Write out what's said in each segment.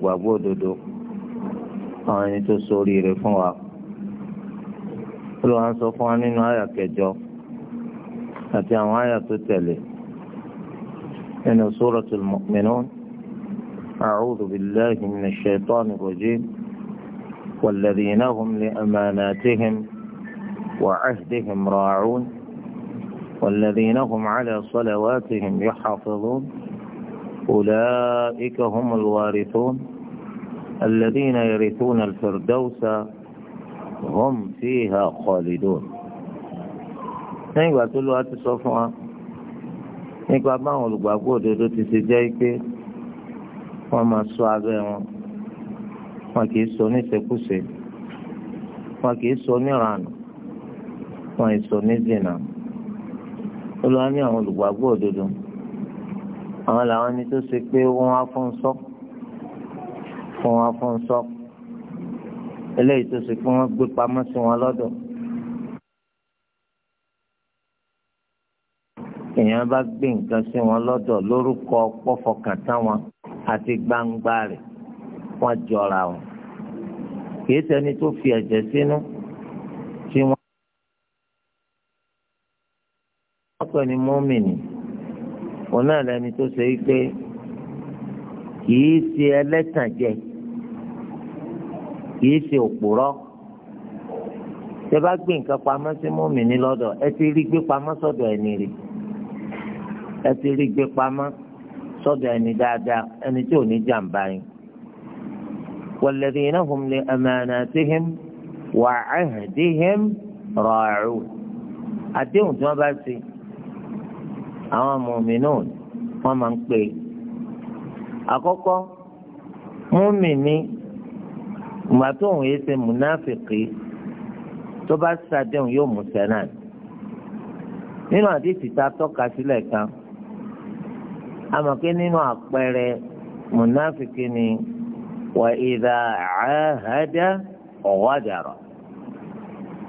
gbàgbọ́ òdodo àwọn ẹni tó so oríire fún wa olùwà ń sọ fún wa nínú àyà kẹjọ àti àwọn àyà tó tẹ̀lé nínú suratul mu'minun a'udhu billahi minash shaitani rajim والذين هم لأماناتهم وعهدهم راعون والذين هم على صلواتهم يحافظون أولئك هم الوارثون الذين يرثون الفردوس هم فيها خالدون nígbà tó lọ́wọ́ ti sọ fún wa nípa báwọn olùgbàgbọ́ òdodo ti ṣe jẹ́ pé wọ́n máa ṣọ́ abẹ́ wọn wọn kì í ṣọ́ níṣekúṣe wọn kì í ṣọ́ níranù wọn kì í ṣọ́ nídìnnà olùwà ní àwọn olùgbàgbọ́ òdodo àwọn làwọn ẹni tó ṣe pé wọ́n á fún sọ́kù fún wọn fún sọ eléyìí tó sì fún wọn gbé pamọ́ sí wọn lọ́dọ̀ èèyàn bá gbé nǹkan sí wọn lọ́dọ̀ lórúkọ pọ́fọkàntán wọn àti gbangba rẹ̀ wọ́n jọra wọn kìí ṣẹni tó fi ẹ̀jẹ̀ sínú tí wọ́n. wọ́n pè ní mọ́mìnì òun náà lẹni tó ṣe é pé kìí ṣe ẹlẹ́tànjẹ kìí ṣe òpòrọ́ tẹ bá gbé nǹkan pamọ́ sí mùmínì lọ́dọ̀ ẹ ti rí gbé pamọ́ sọ́dọ̀ ẹni rí ẹ ti rí gbé pamọ́ sọ́dọ̀ ẹni dáadáa ẹni tí ò ní jàǹbá yín. والذين هم لأماناتهم وعهدهم راعون àdéhùn tí wọ́n bá ṣe àwọn mùmínì wọ́n máa ń pè é àkọ́kọ́ mùmínì ìgbà tó òun yé ṣe múnáfìkì tó bá ṣàdéhùn yóò mú sẹ́nà nínú àdìsí ta tọ́ka sílẹ̀ kan àmọ́ pé nínú àpẹẹrẹ múnáfìkì ni wà ìdá àhádá ọ̀wádàrọ̀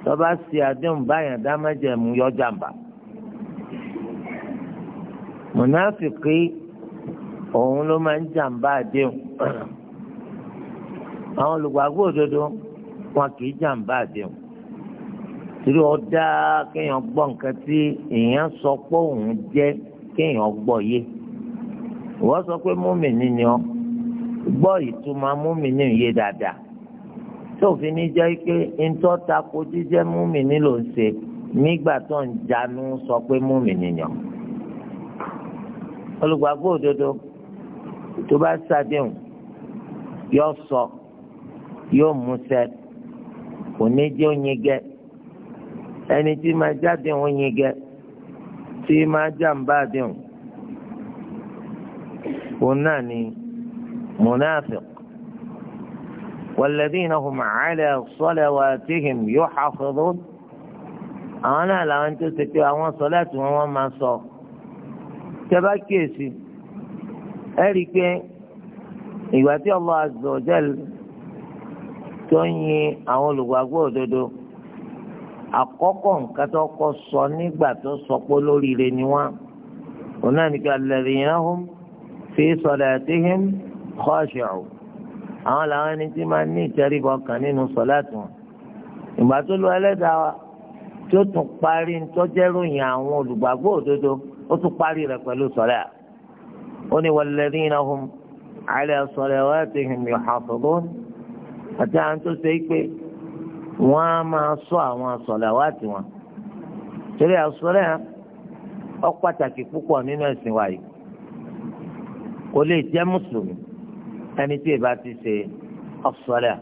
tó bá ṣe àdéhùn báyàn dámẹ́jẹ̀mú yọjàmbá múnáfìkì òun ló máa ń jàmbá àdéhùn àwọn olùgbàgbọ́ òdodo wọn kì í jàǹbá àdéhùn torí ọ̀dà kéèyàn gbọ́ nǹkan tí èèyàn sọ pé òun jẹ́ kéèyàn gbọ́ yé wọ́n sọ pé múmìnì ni ọ́ gbọ́ ìtumọ̀ múmìnì yé dáadáa tó fi ní jẹ́ pé ntọ́ tako jíjẹ́ múmìnì ló ń ṣe nígbà tó ń jánu sọ pé múmìnì ni olùgbàgbọ́ òdodo tó bá ṣàdéhùn yọ sọ. So yóò mú sẹ kò ní jẹ́ ònyigẹ ẹni tí máa jáde ònyigẹ tí máa jàǹbá àdéhùn òun náà ni mùnáfíq wàlẹ́dínà hùm àlẹ́ sọ́lẹ̀wà tìhìm yóò xafọ́dọ́ àwọn náà làwọn tó ti pé àwọn sọ́lẹ́tì wọn wọ́n máa sọ tẹ́bá kíyèsí ẹ rí i pé ìgbà tí Allah azza tó ń yin àwọn olùgbàgbọ́ òdodo àkọ́kọ́ nǹkan tó kọ́ sọ nígbà tó sọ pé lóríire ni wọ́n òun náà nìkan alladhina hum fi salatihim khashi'un àwọn làwọn ẹni tí máa ní ìtẹríba ọkàn nínú sọ̀láàtì wọn ìgbà tó lu ẹlẹ́dàá wa tí ó tún parí ntọ́jẹ́ròyìn àwọn olùgbàgbọ́ òdodo ó tún parí rẹ̀ pẹ̀lú sọ̀rẹ́ à ó ní walladhina hum ala salawatihim yuhafidun àti àwọn tó ṣe pé wọ́n á máa sọ àwọn sọ̀làwátì wọn torí àsọ̀rẹ́ yẹn ó pàtàkì púpọ̀ nínú ẹ̀sìn wa yìí kò lè jẹ́ mùsùlùmí ẹni tí ìbá ti ṣe ọ̀sọ̀rẹ́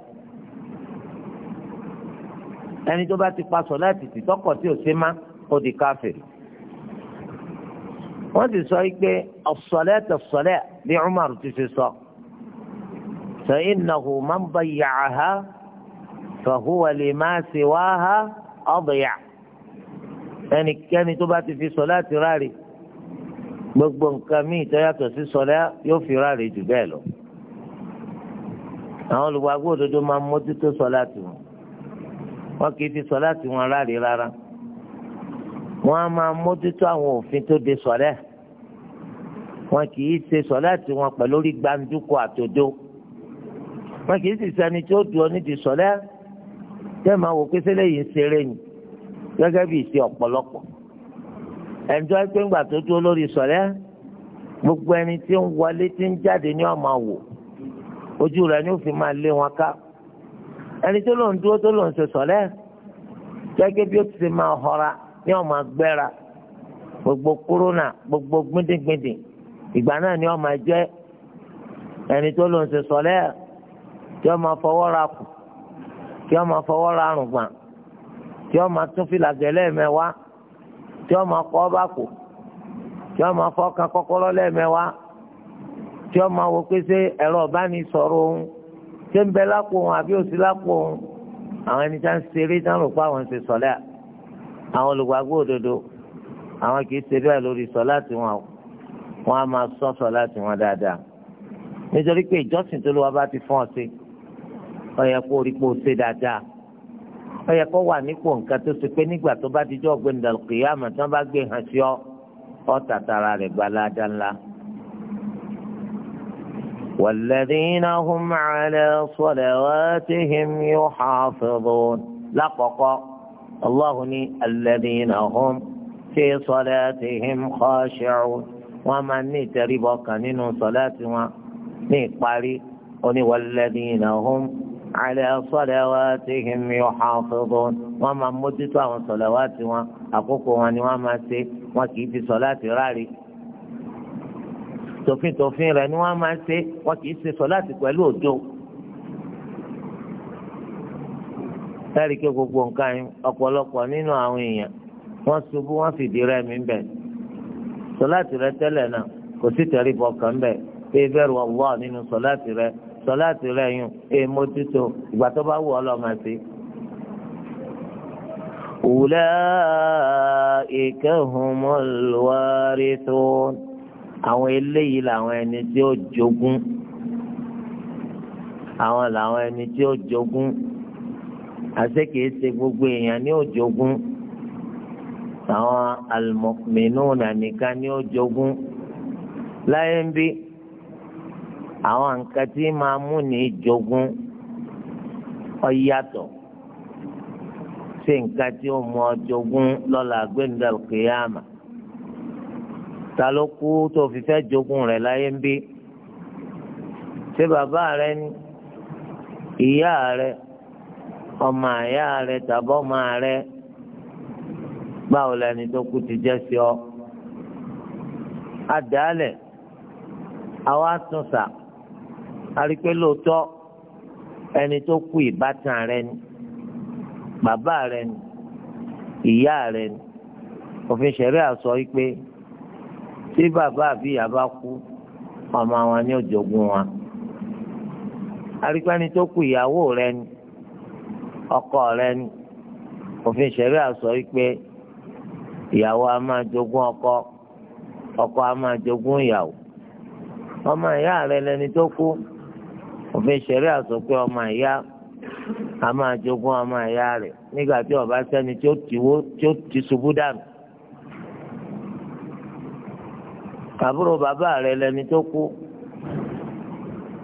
yẹn ẹni tó bá ti pa sọ̀láàtì tì tọkọ tí ò ṣe má ó di káfírì. wọ́n ti sọ pé ọ̀sọ̀lẹ́ tọ̀sọ̀lẹ́ bí Umar ti ṣe sọ. So. فإنه من ضيعها فهو لما سواها أضيع يعني كان تبات في صلاة راري gbogbo nǹkan míì tó yàtọ̀ sí sọlá yóò fi ráre jù bẹ́ẹ̀ lọ. àwọn olùgbàgbọ́ òdodo máa ń mójútó sọlá tiwọn wọn kì í fi sọlá tiwọn ráre rárá. wọ́n á máa mójútó àwọn òfin tó de sọlá wọn kì í ṣe sọlá tiwọn pẹ̀lú orí gbàǹdùkọ àtòdó wọn kì í sì sani tí ó dùn ọ nídìí sọlẹ tẹ máa wò pé ṣẹlẹ̀ yìí ṣeré ni gẹ́gẹ́ bí ìṣe ọ̀pọ̀lọpọ̀ ẹnjọ pé ńgbà tó dúró lórí sọlẹ gbogbo ẹni tí ń wọlé tí ń jáde ni wọn máa wò ojú rẹ ni ó fi máa lé wọn ká ẹni tó lòun dúró tó lòun ṣe sọlẹ gẹ́gẹ́ bí ó ti máa họra ni wọn máa gbogbo kúrónà gbogbo gbindingbindin ìgbà náà ni wọn máa ẹni tó lòun ṣe sọlẹ tí wọ́n máa fọwọ́ ra kù tí wọ́n máa fọwọ́ ra àrùn gbà tí wọ́n máa tún fìlà gẹ̀lẹ́ mẹ́wàá tí wọ́n máa kọ́ bá kù tí wọ́n máa fọ́ kan kọ́kọ́rọ́ lẹ́ẹ̀mẹ́wàá tí wọ́n máa wọ pé ṣé ẹ̀rọ ìbánisọ̀rọ̀ òun ṣé ń bẹ lápò òun àbí òsì lápò òun àwọn ẹni tá ń ṣeré tá ń rò pé àwọn ń ṣe sọ̀lẹ́ àwọn olùgbàgbọ́ òdodo àwọn kì í ṣe bẹ́ẹ̀ lórí sọ̀lá tiwọn o wọ́n á máa sọ sọ̀lá tiwọn dáadáa nítorí pé ìjọsìn tó lówó bá ti fún ọ sí i ọyẹ kó rí kó ṣe dáadáa ọyẹ kó wà nípò nǹkan tó ṣe pé nígbà tó bá dijọ́ gbẹ̀ndà kìyàmà tí wọ́n bá gbé hàn sí ọ ọ tàtàrà rẹ̀ gba ládàá ńlá. والذين هم على صلواتهم يحافظون لقق الله الذين هم في صلاتهم خاشعون ومن تربك من صلاتهم نقبل والذين هم على صلواتهم يحافظون وما مدتوا عن صلواتهم أقوكم أن وما سي وكيف صلاة راري tòfin tòfin rẹ̀ ni wọ́n máa ń ṣe wọn kì í ṣe sọláàtì pẹ̀lú òjò láti ké gbogbo nǹkan yín ọ̀pọ̀lọpọ̀ nínú àwọn èèyàn wọ́n ṣubú wọ́n fìdí rẹ̀ mí bẹ̀ sọláàtì rẹ̀ tẹ́lẹ̀ náà kò sí tẹríbọ kan bẹ̀ pé bẹ̀rù ọwọ nínú sọláàtì rẹ̀ sọláàtì rẹ yùn ẹ mójútó ìgbà tó bá wù ọ lọ máa ṣe. Ulaika humul warithun àwọn eléyìí làwọn ẹni tí ó jogún àwọn làwọn ẹni tí ó jogún àti kìí ṣe gbogbo èèyàn ní ó àwọn al-mu'minuna nìkan ní ó láyé ń bí àwọn nǹkan tí máa mú ní jogún ó yàtọ̀ sí nǹkan tí ó mú ọ jogún lọ́la gbẹ̀ndẹ̀ kìyàmà ta ló kú tó fi fẹ́ jogún rẹ̀ láyé ń bí ṣé bàbá rẹ ni ìyá rẹ ọmọ àyá rẹ tàbí ọmọ rẹ báwo lẹni tó kú ti jẹ́ sí ọ adàálẹ̀ àwa tún sàá àrípé lóòótọ́ ẹni tó kú ìbátan rẹ ni bàbá rẹ ni ìyá rẹ ni òfin ṣẹ̀rí àsọ wípé tí bàbá àbí ìyá bá kú ọmọ wọn ni ó jogún wọn àrípé ẹni tó kú ìyàwó rẹ ni ọkọ rẹ ni òfin ṣẹ̀rí àsọ wípé ìyàwó a máa jogún ọkọ ọkọ a máa jogún ìyàwó ọmọ ìyá rẹ lẹni tó kú òfin ìṣẹ̀rí àsọ ọmọ ìyá a máa jogún ọmọ ìyá rẹ̀ nígbà tí ó bá sẹ́ni tí ó ti ṣubú dànù. àbúrò bàbá rẹ̀ lẹni tó kú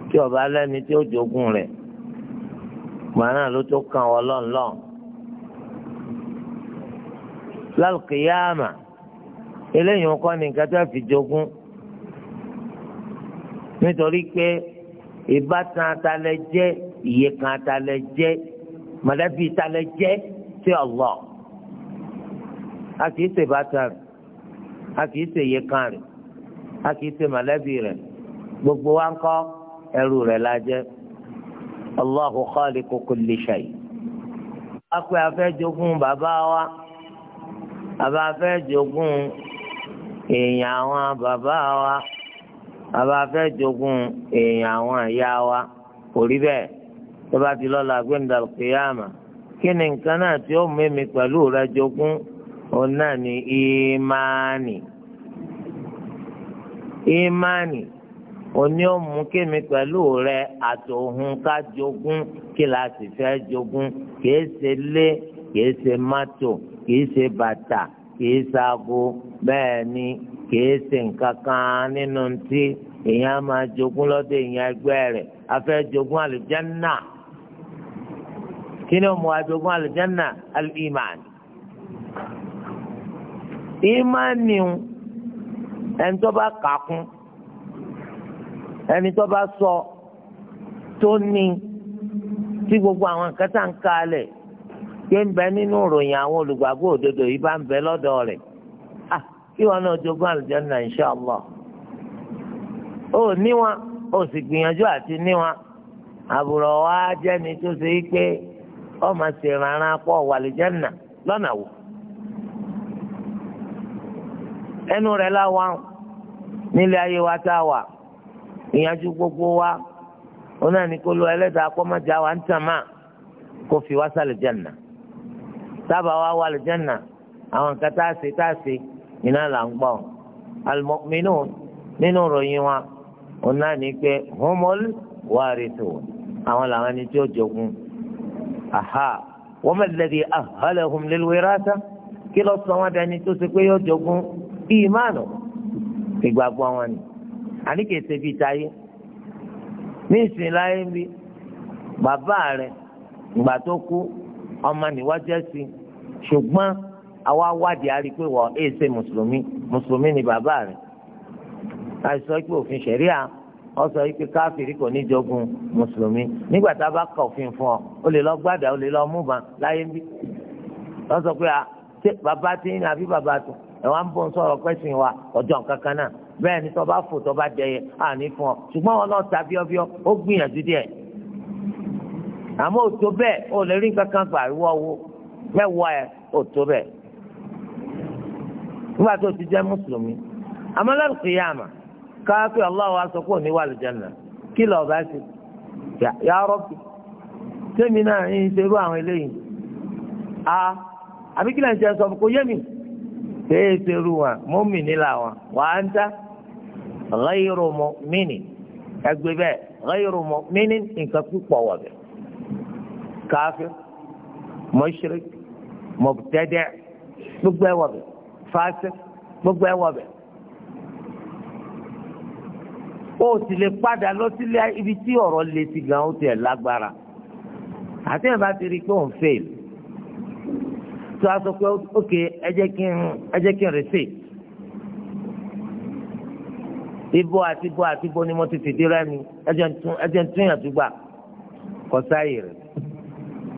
tí ó lẹni tí ó jogún rẹ̀ gbàrà ló tó kàn wọ́n lọ́nlọ́n. lálùkìyàmà eléyìí ń kọ́ ni nǹkan tó fi jogún nítorí pé ìbátan atalẹ jẹ́ ìyekan atalẹ jẹ́ mọ̀lẹ́bí atalẹ jẹ́ sí Allah a kì í ṣe ìbátan rẹ̀ a kì í ṣe ìyekan rẹ̀ a kì í ṣe mọ̀lẹ́bí rẹ̀ gbogbo wa ń kọ́ ẹrú rẹ̀ la jẹ́ Allahu khaliqu kulli shay a pé a jogún bàbá wa a bá fẹ́ jogún èèyàn àwọn bàbá wa àbá fẹ́ jogún èèyàn àwọn ìyá wa kò rí bẹ́ẹ̀ tó bá ti lọ́la gbẹ̀ndà kìyàmà kí ni nǹkan náà tí ó mímí pẹ̀lú rẹ jogún òun náà ni ìmánì ìmánì òní ó mú kémi pẹ̀lú rẹ àtòhun ká jogún kí la sì fẹ́ jogún kìí ṣe lé kìí ṣe mọ́tò kìí ṣe bàtà kìí ṣe aago bẹ́ẹ̀ ni kìí ṣe nǹkan kan nínú ti èèyàn máa jogún lọ́dọ̀ èèyàn ẹgbẹ́ rẹ̀ afẹ́ jogún àlùjánnà kí ni mo àjogún àlùjánnà al-iman ìmánì ẹni tó bá kà kún ẹni tó bá sọ tó ní tí gbogbo àwọn nǹkan tá à ń kalẹ̀ pé ń bẹ nínú ìròyìn àwọn olùgbàgbọ́ òdodo yìí bá ń bẹ lọ́dọ̀ rẹ̀ kí wọn náà jogún àlùjánnà inṣàlá ó níwọn ó sì gbìyànjú àti níwọn àbùrọ̀ wa jẹ́ni tó ṣe é pé ọmọ sì rárá pọ̀ wà àlùjánnà wò ẹnu rẹ̀ láwa nílé ayé wa tá a wà ìyànjú gbogbo wa ó náà ní kó lo ẹlẹ́dàá kọ́mọ́jà wa ń tàn máa kó fi wá sálẹ̀ sábà wá wà àwọn nǹkan tá a ṣe tá a ṣe iná là ń gbọ́ al-mu'minun nínú ròyìn wa òun náà ní pé humul warithun àwọn làwọn ẹni tí ó jogún aha wa ma alladhi ahhalahum lil-wiratha kí ló sọ wọn dání tó ṣe pé yóò jogún ìmánu ìgbàgbọ́ wọn ni àní kìí ṣe bíi táyé ní ìsìn láyé bí bàbá rẹ̀ ìgbà tó kú ọmọ níwájú ẹ̀sìn ṣùgbọ́n àwa wádìí a rí pé wọ́n èé ṣe mùsùlùmí mùsùlùmí ni bàbá rẹ̀ àìsọ pé òfin ṣẹ̀ríà ọ sọ pé káfíìrì kò ní jogún mùsùlùmí nígbà tá a bá kọ òfin fún ọ o lè lọ gbàdá o lè lọ mú ban láyé ń bí wọ́n sọ pé bàbá tí ń àbí bàbá tó ẹ̀wọ̀n ń bọ̀ ń sọ̀rọ̀ pẹ́sìn wa ọjọ́ nǹkan náà bẹ́ẹ̀ ni tó bá fò tó bá dẹyẹ àní fún ọ ṣùgbọ́n wọn náà ta bíọ́bíọ́ ó gbìyànjú díẹ̀ àmọ́ òtó bẹ́ẹ̀ ò lè rí nǹkan kan gbà wọ́wọ́ mẹ́wàá ẹ̀ òtó bẹ́ẹ̀ nígbà tó ti jẹ́ mùsùlùmí àmọ́ lálùkìyàmà káfí Allah wa sọ kúrò níwà lùjánà kí lọ́ọ́ bá ṣe yà rọ́bì sẹ́mi a àbí kí lẹ́yìn tí a sọ fún kò yé mi wa mọ́mì nílà wa wà á ń dá ghayru mu'minin ẹgbẹ́ bẹ́ẹ̀ nǹkan púpọ̀ bẹ́ẹ̀ káfí fàáṣẹ gbogbo ẹwọ bẹ o sì lè padà lọ sílé ibi tí ọ̀rọ̀ le ti gan o tiẹ̀ lágbára àti ẹ̀ bá ti rí i pé òun fail tó a sọ pé ok ẹ jẹ́ kí n ẹ jẹ́ kí n rèsè ibo àti ibo àti ibo ni mo ti fìdí rẹmi ẹ jẹ́ ń tún yàn tó gbà kọ sáyè rẹ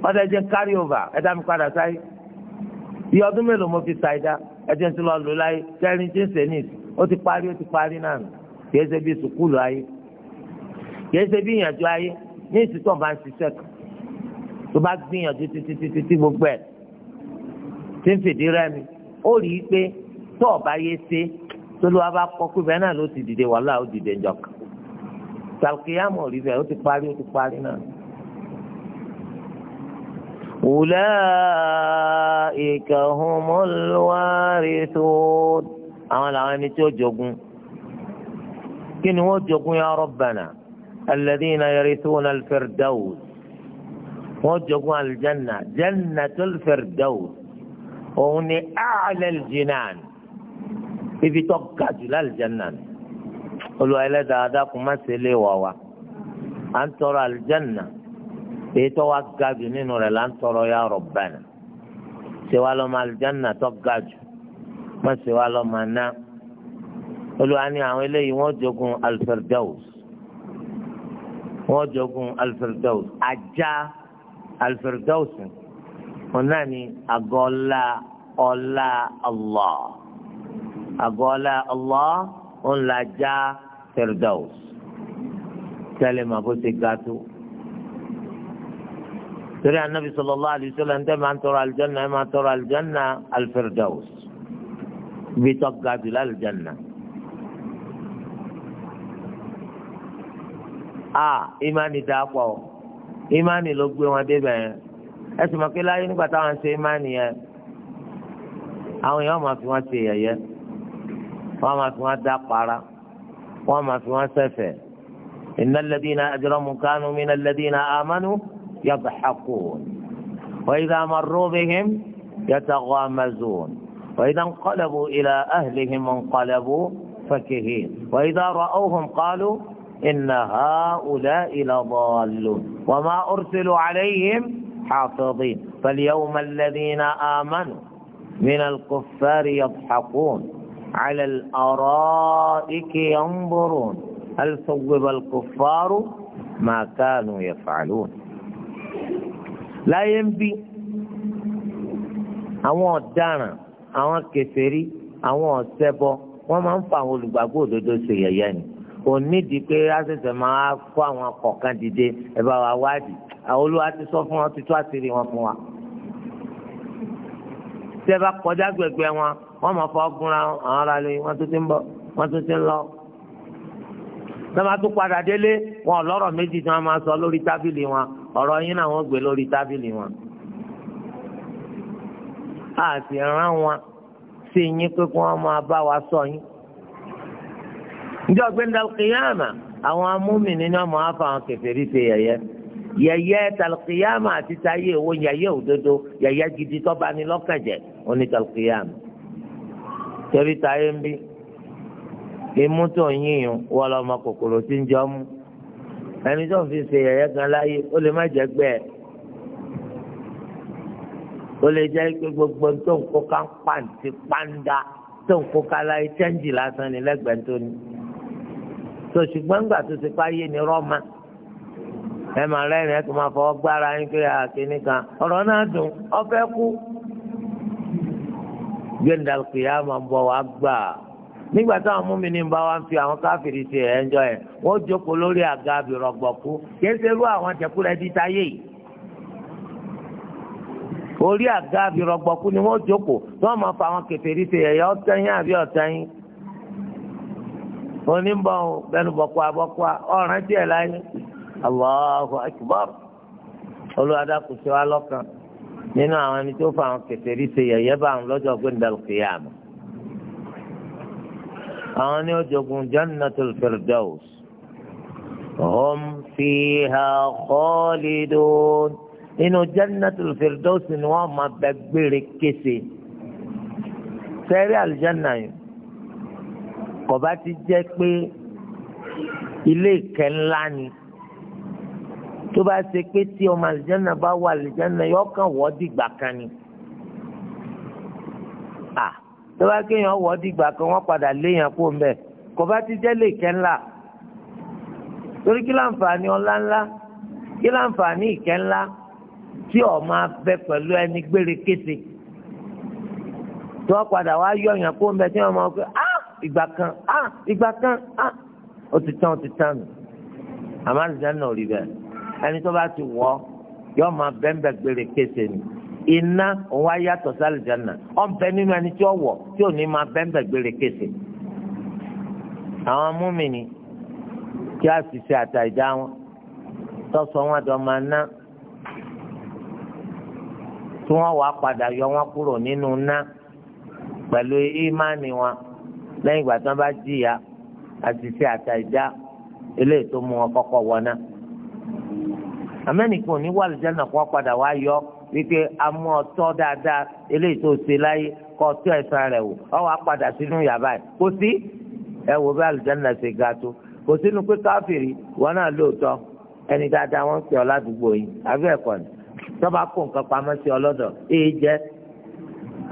ọ̀dọ̀ ẹ jẹ́ ń carry over ẹ dá mi padà sáyè iye ọdún mélòó mo fi ṣàìdá ẹjẹ ti lọ lò láyé kẹrin tí ń sẹ ní ó ti parí ó ti parí náà kìí ṣe bí sùkúlù ayé kìí ṣe bí ìyànjú ayé ní ìsìtọ̀ bá ń ṣiṣẹ́ kan tó bá gbìyànjú títí títí tí gbogbo ẹ̀ tí ń fìdí rẹmi ó rí i pé tó ọba yé ṣe tó ló wá bá kọ pé bẹ́ẹ̀ náà ló ti dìde wàhálà ó dìde njọ sàlùkìyàmù rí bẹ́ẹ̀ ó ti parí ó ti parí náà. أولئك هم الوارثون àwọn làwọn ẹni tí ó jogun kí ni wọ́n jogun ya Rabbana alladhina yarithuna al-firdaws wọ́n jogun aljanna jannatul firdaws òun a'la al ibi tó ga jù láljanna Olúwa ẹlẹ́dàá dákun má ṣe lé wà wá aljanna èyí tó wá ga jù nínú rẹ̀ là ń tọrọ ya Rabbana ṣe wá lọ́mọ alìjánà tó ga jù má ṣe wá lọ́mọ aná olùwà ni àwọn eléyìí wọ́n jogun al-Firdaus jogun al ajá al wọn náà ni àgọ́ ọlá ọlá Allah àgọ́ ọlá Allah ńlá já Firdaus tẹ́lẹ̀ màbó ṣe ga tó torí anabi sallallahu alaihi wasallam ń tẹ́ máa ń tọrọ aljanna ẹ máa tọrọ aljanna alfirdaus ibi tó ga jù lọ aljanna. a imani dáa pọ̀ imani ló gbé wọn débẹ̀ yẹn ẹ sì mọ̀ pé láyé nígbà táwọn ṣe imani yẹn àwọn èèyàn máa fi wọn ṣe yẹ̀yẹ́ wọn máa fi wọn dá para wọn máa fi wọn ṣẹ̀fẹ̀ innal ladina ajramu kanu يضحكون وإذا مروا بهم يتغامزون وإذا انقلبوا إلى أهلهم انقلبوا فكهين وإذا رأوهم قالوا إن هؤلاء لضالون وما أرسلوا عليهم حافظين فاليوم الذين آمنوا من الكفار يضحكون على الأرائك ينظرون هل ثوب الكفار ما كانوا يفعلون láyé ń bí àwọn ọ̀daràn àwọn kèfèrí àwọn ọ̀ṣẹbọ wọ́n máa ń fa àwọn olùgbàgbọ́ òdodo ṣe yẹ̀yẹ́ ni onídìí pé àṣẹ̀ṣẹ̀ máa kó àwọn akọ̀kan dìde ẹ bá wa wádìí àwọn olúwa ti sọ fún wọn ti tó àṣírí wọn fún wa. tí ẹ bá kọjá gbẹgbẹ wọn wọ́n máa fọ ọgúnra àwọn ará lè wọ́n tún ti ń bọ̀ wọ́n tún ti ń lọ. tí bá tún padà délé wọn ò méjì tí wọ́n máa sọ lórí tábìlì wọn ọ̀rọ̀ yín náà wọ́n gbé lórí tábìlì wọn. a sì rán wọn sí yín pé kí wọ́n máa bá wa sọ yín. ǹjọ́ gbẹ́ndà kìyàmà àwọn amúmìnì náà mọ̀ á fa àwọn kèfèrí ṣe yẹ̀yẹ́. yẹ̀yẹ́ tàlùkìyàmà àti táyé òdodo gidi tó bá tàlùkìyàmà. torí táyé ń bí imú tó ẹni tó ń fi ṣe yẹ̀yẹ́ kan láyé ó lè má jẹ́ gbẹ́ ẹ̀ ó lè jẹ́ pé gbogbo tó ń kó ká ń pàǹtí pàǹdà tó ń kó ká láyé chẹ́ǹjì lásán ni lẹ́gbẹ̀ẹ́ tó ní tó ṣùgbọ́n gbà tó ti páyé ni rọ́ọ̀mà ẹ máa rẹ́rìn ẹ tó máa fọwọ́ gbára yín pé àkíní kan ọ̀rọ̀ náà dùn ọ fẹ́ kú gbẹ̀ndàkìyà máa bọ̀ wá gbà nígbà táwọn múmini bá wa ń fi àwọn káfíìrì ṣe ẹ̀ńjọ́ ẹ̀ wọ́n jókòó lórí àga àbìrọ̀gbọ̀kú kìí ṣe irú àwọn jẹ̀kúrẹ́ di táyé yìí orí àga àbìrọ̀gbọ̀kú ni wọ́n jókòó tí wọ́n máa fa àwọn kẹfẹ́rì ṣe ẹ̀yà ọ̀tẹ́yìn àbí ọ̀tẹ́yìn onímbọ̀ bẹnubọ̀kú abọ́kúá ọ̀ràn tiẹ̀ láyé Allahu akbar olùwàdàkùsọ alọ́kan nínú àwọn ẹni tó fa àwọn kẹfẹ́rì ṣe ẹ̀yẹ́ bá àwọn lọ́jọ́ gbẹ̀ndàlùkìyàmù àwọn ní ọjọgùn jannatul firdaus hum fiha khalidun nínú jannatul firdaus ni wọ́n máa bẹ gbére kése sẹẹrí àlùjáná yìí kọba ti jẹ́ pé ilé ìkẹ́ ńlá ni tó bá ṣe pé tí ọmọ àlùjáná bá wà àlùjáná yọ kàn wọ́ dìgbà kan ni tó bá kéèyàn wọ̀ ọ́ dìgbà kan wọ́n padà léèyàn kó mbẹ́ kò bá ti jẹ́ lè kẹ́ ńlá torí kí láǹfààní ọlá ńlá kí láǹfààní ìkẹ́ ńlá tí ọ̀ máa bẹ pẹ̀lú ẹni gbére kése tí wọ́n padà wá yọ̀yàn kó mbẹ́ tí wọ́n máa pẹ́ á ah, ìgbà kan á ah, ìgbà kan á ah. ó ti tán ó ti tán nù àmọ́ náà rí bẹ́ẹ̀ ẹni tó bá ti wọ̀ yọ máa bẹ́ńbẹ́ gbére kése nù iná òun wá yàtọ̀ sí àlùjánnà ọ̀n bẹ nínú ẹni tí ó wọ̀ tí ò ní máa bẹ́ńbẹ̀ gbére kése. àwọn múmìnì kí á sì ṣe àtàjà wọn tọ́sọ wọn àdó máa ná tí wọ́n wàá padà yọ wọn kúrò nínú ná pẹ̀lú ìmánì wọn lẹ́yìn ìgbà tí wọ́n bá jìyà àti ṣe àtàjà eléyìí tó mú wọn kọ́kọ́ wọ àmẹ́nìkan ò ní wà lùjẹ́ kó wọ́n padà wá yọ ọ́ wípé amú ọtọ́ dáadáa eléyìí tó ṣe láyé kọ́ ọtọ́ ẹ̀sán rẹ̀ wò ọ wàá padà sínú yàrá ẹ̀ kò sí ẹ wò bí alìjẹ́nà ṣe ga tó kò sínú pé káfíìrì wọn náà lóòótọ́ ẹni dáadáa wọn ń pè ọ ládùúgbò yìí àbí ẹ̀kọ́ ni tọ́ba kó nǹkan pamọ́ sí ọlọ́dọ̀ èyí jẹ́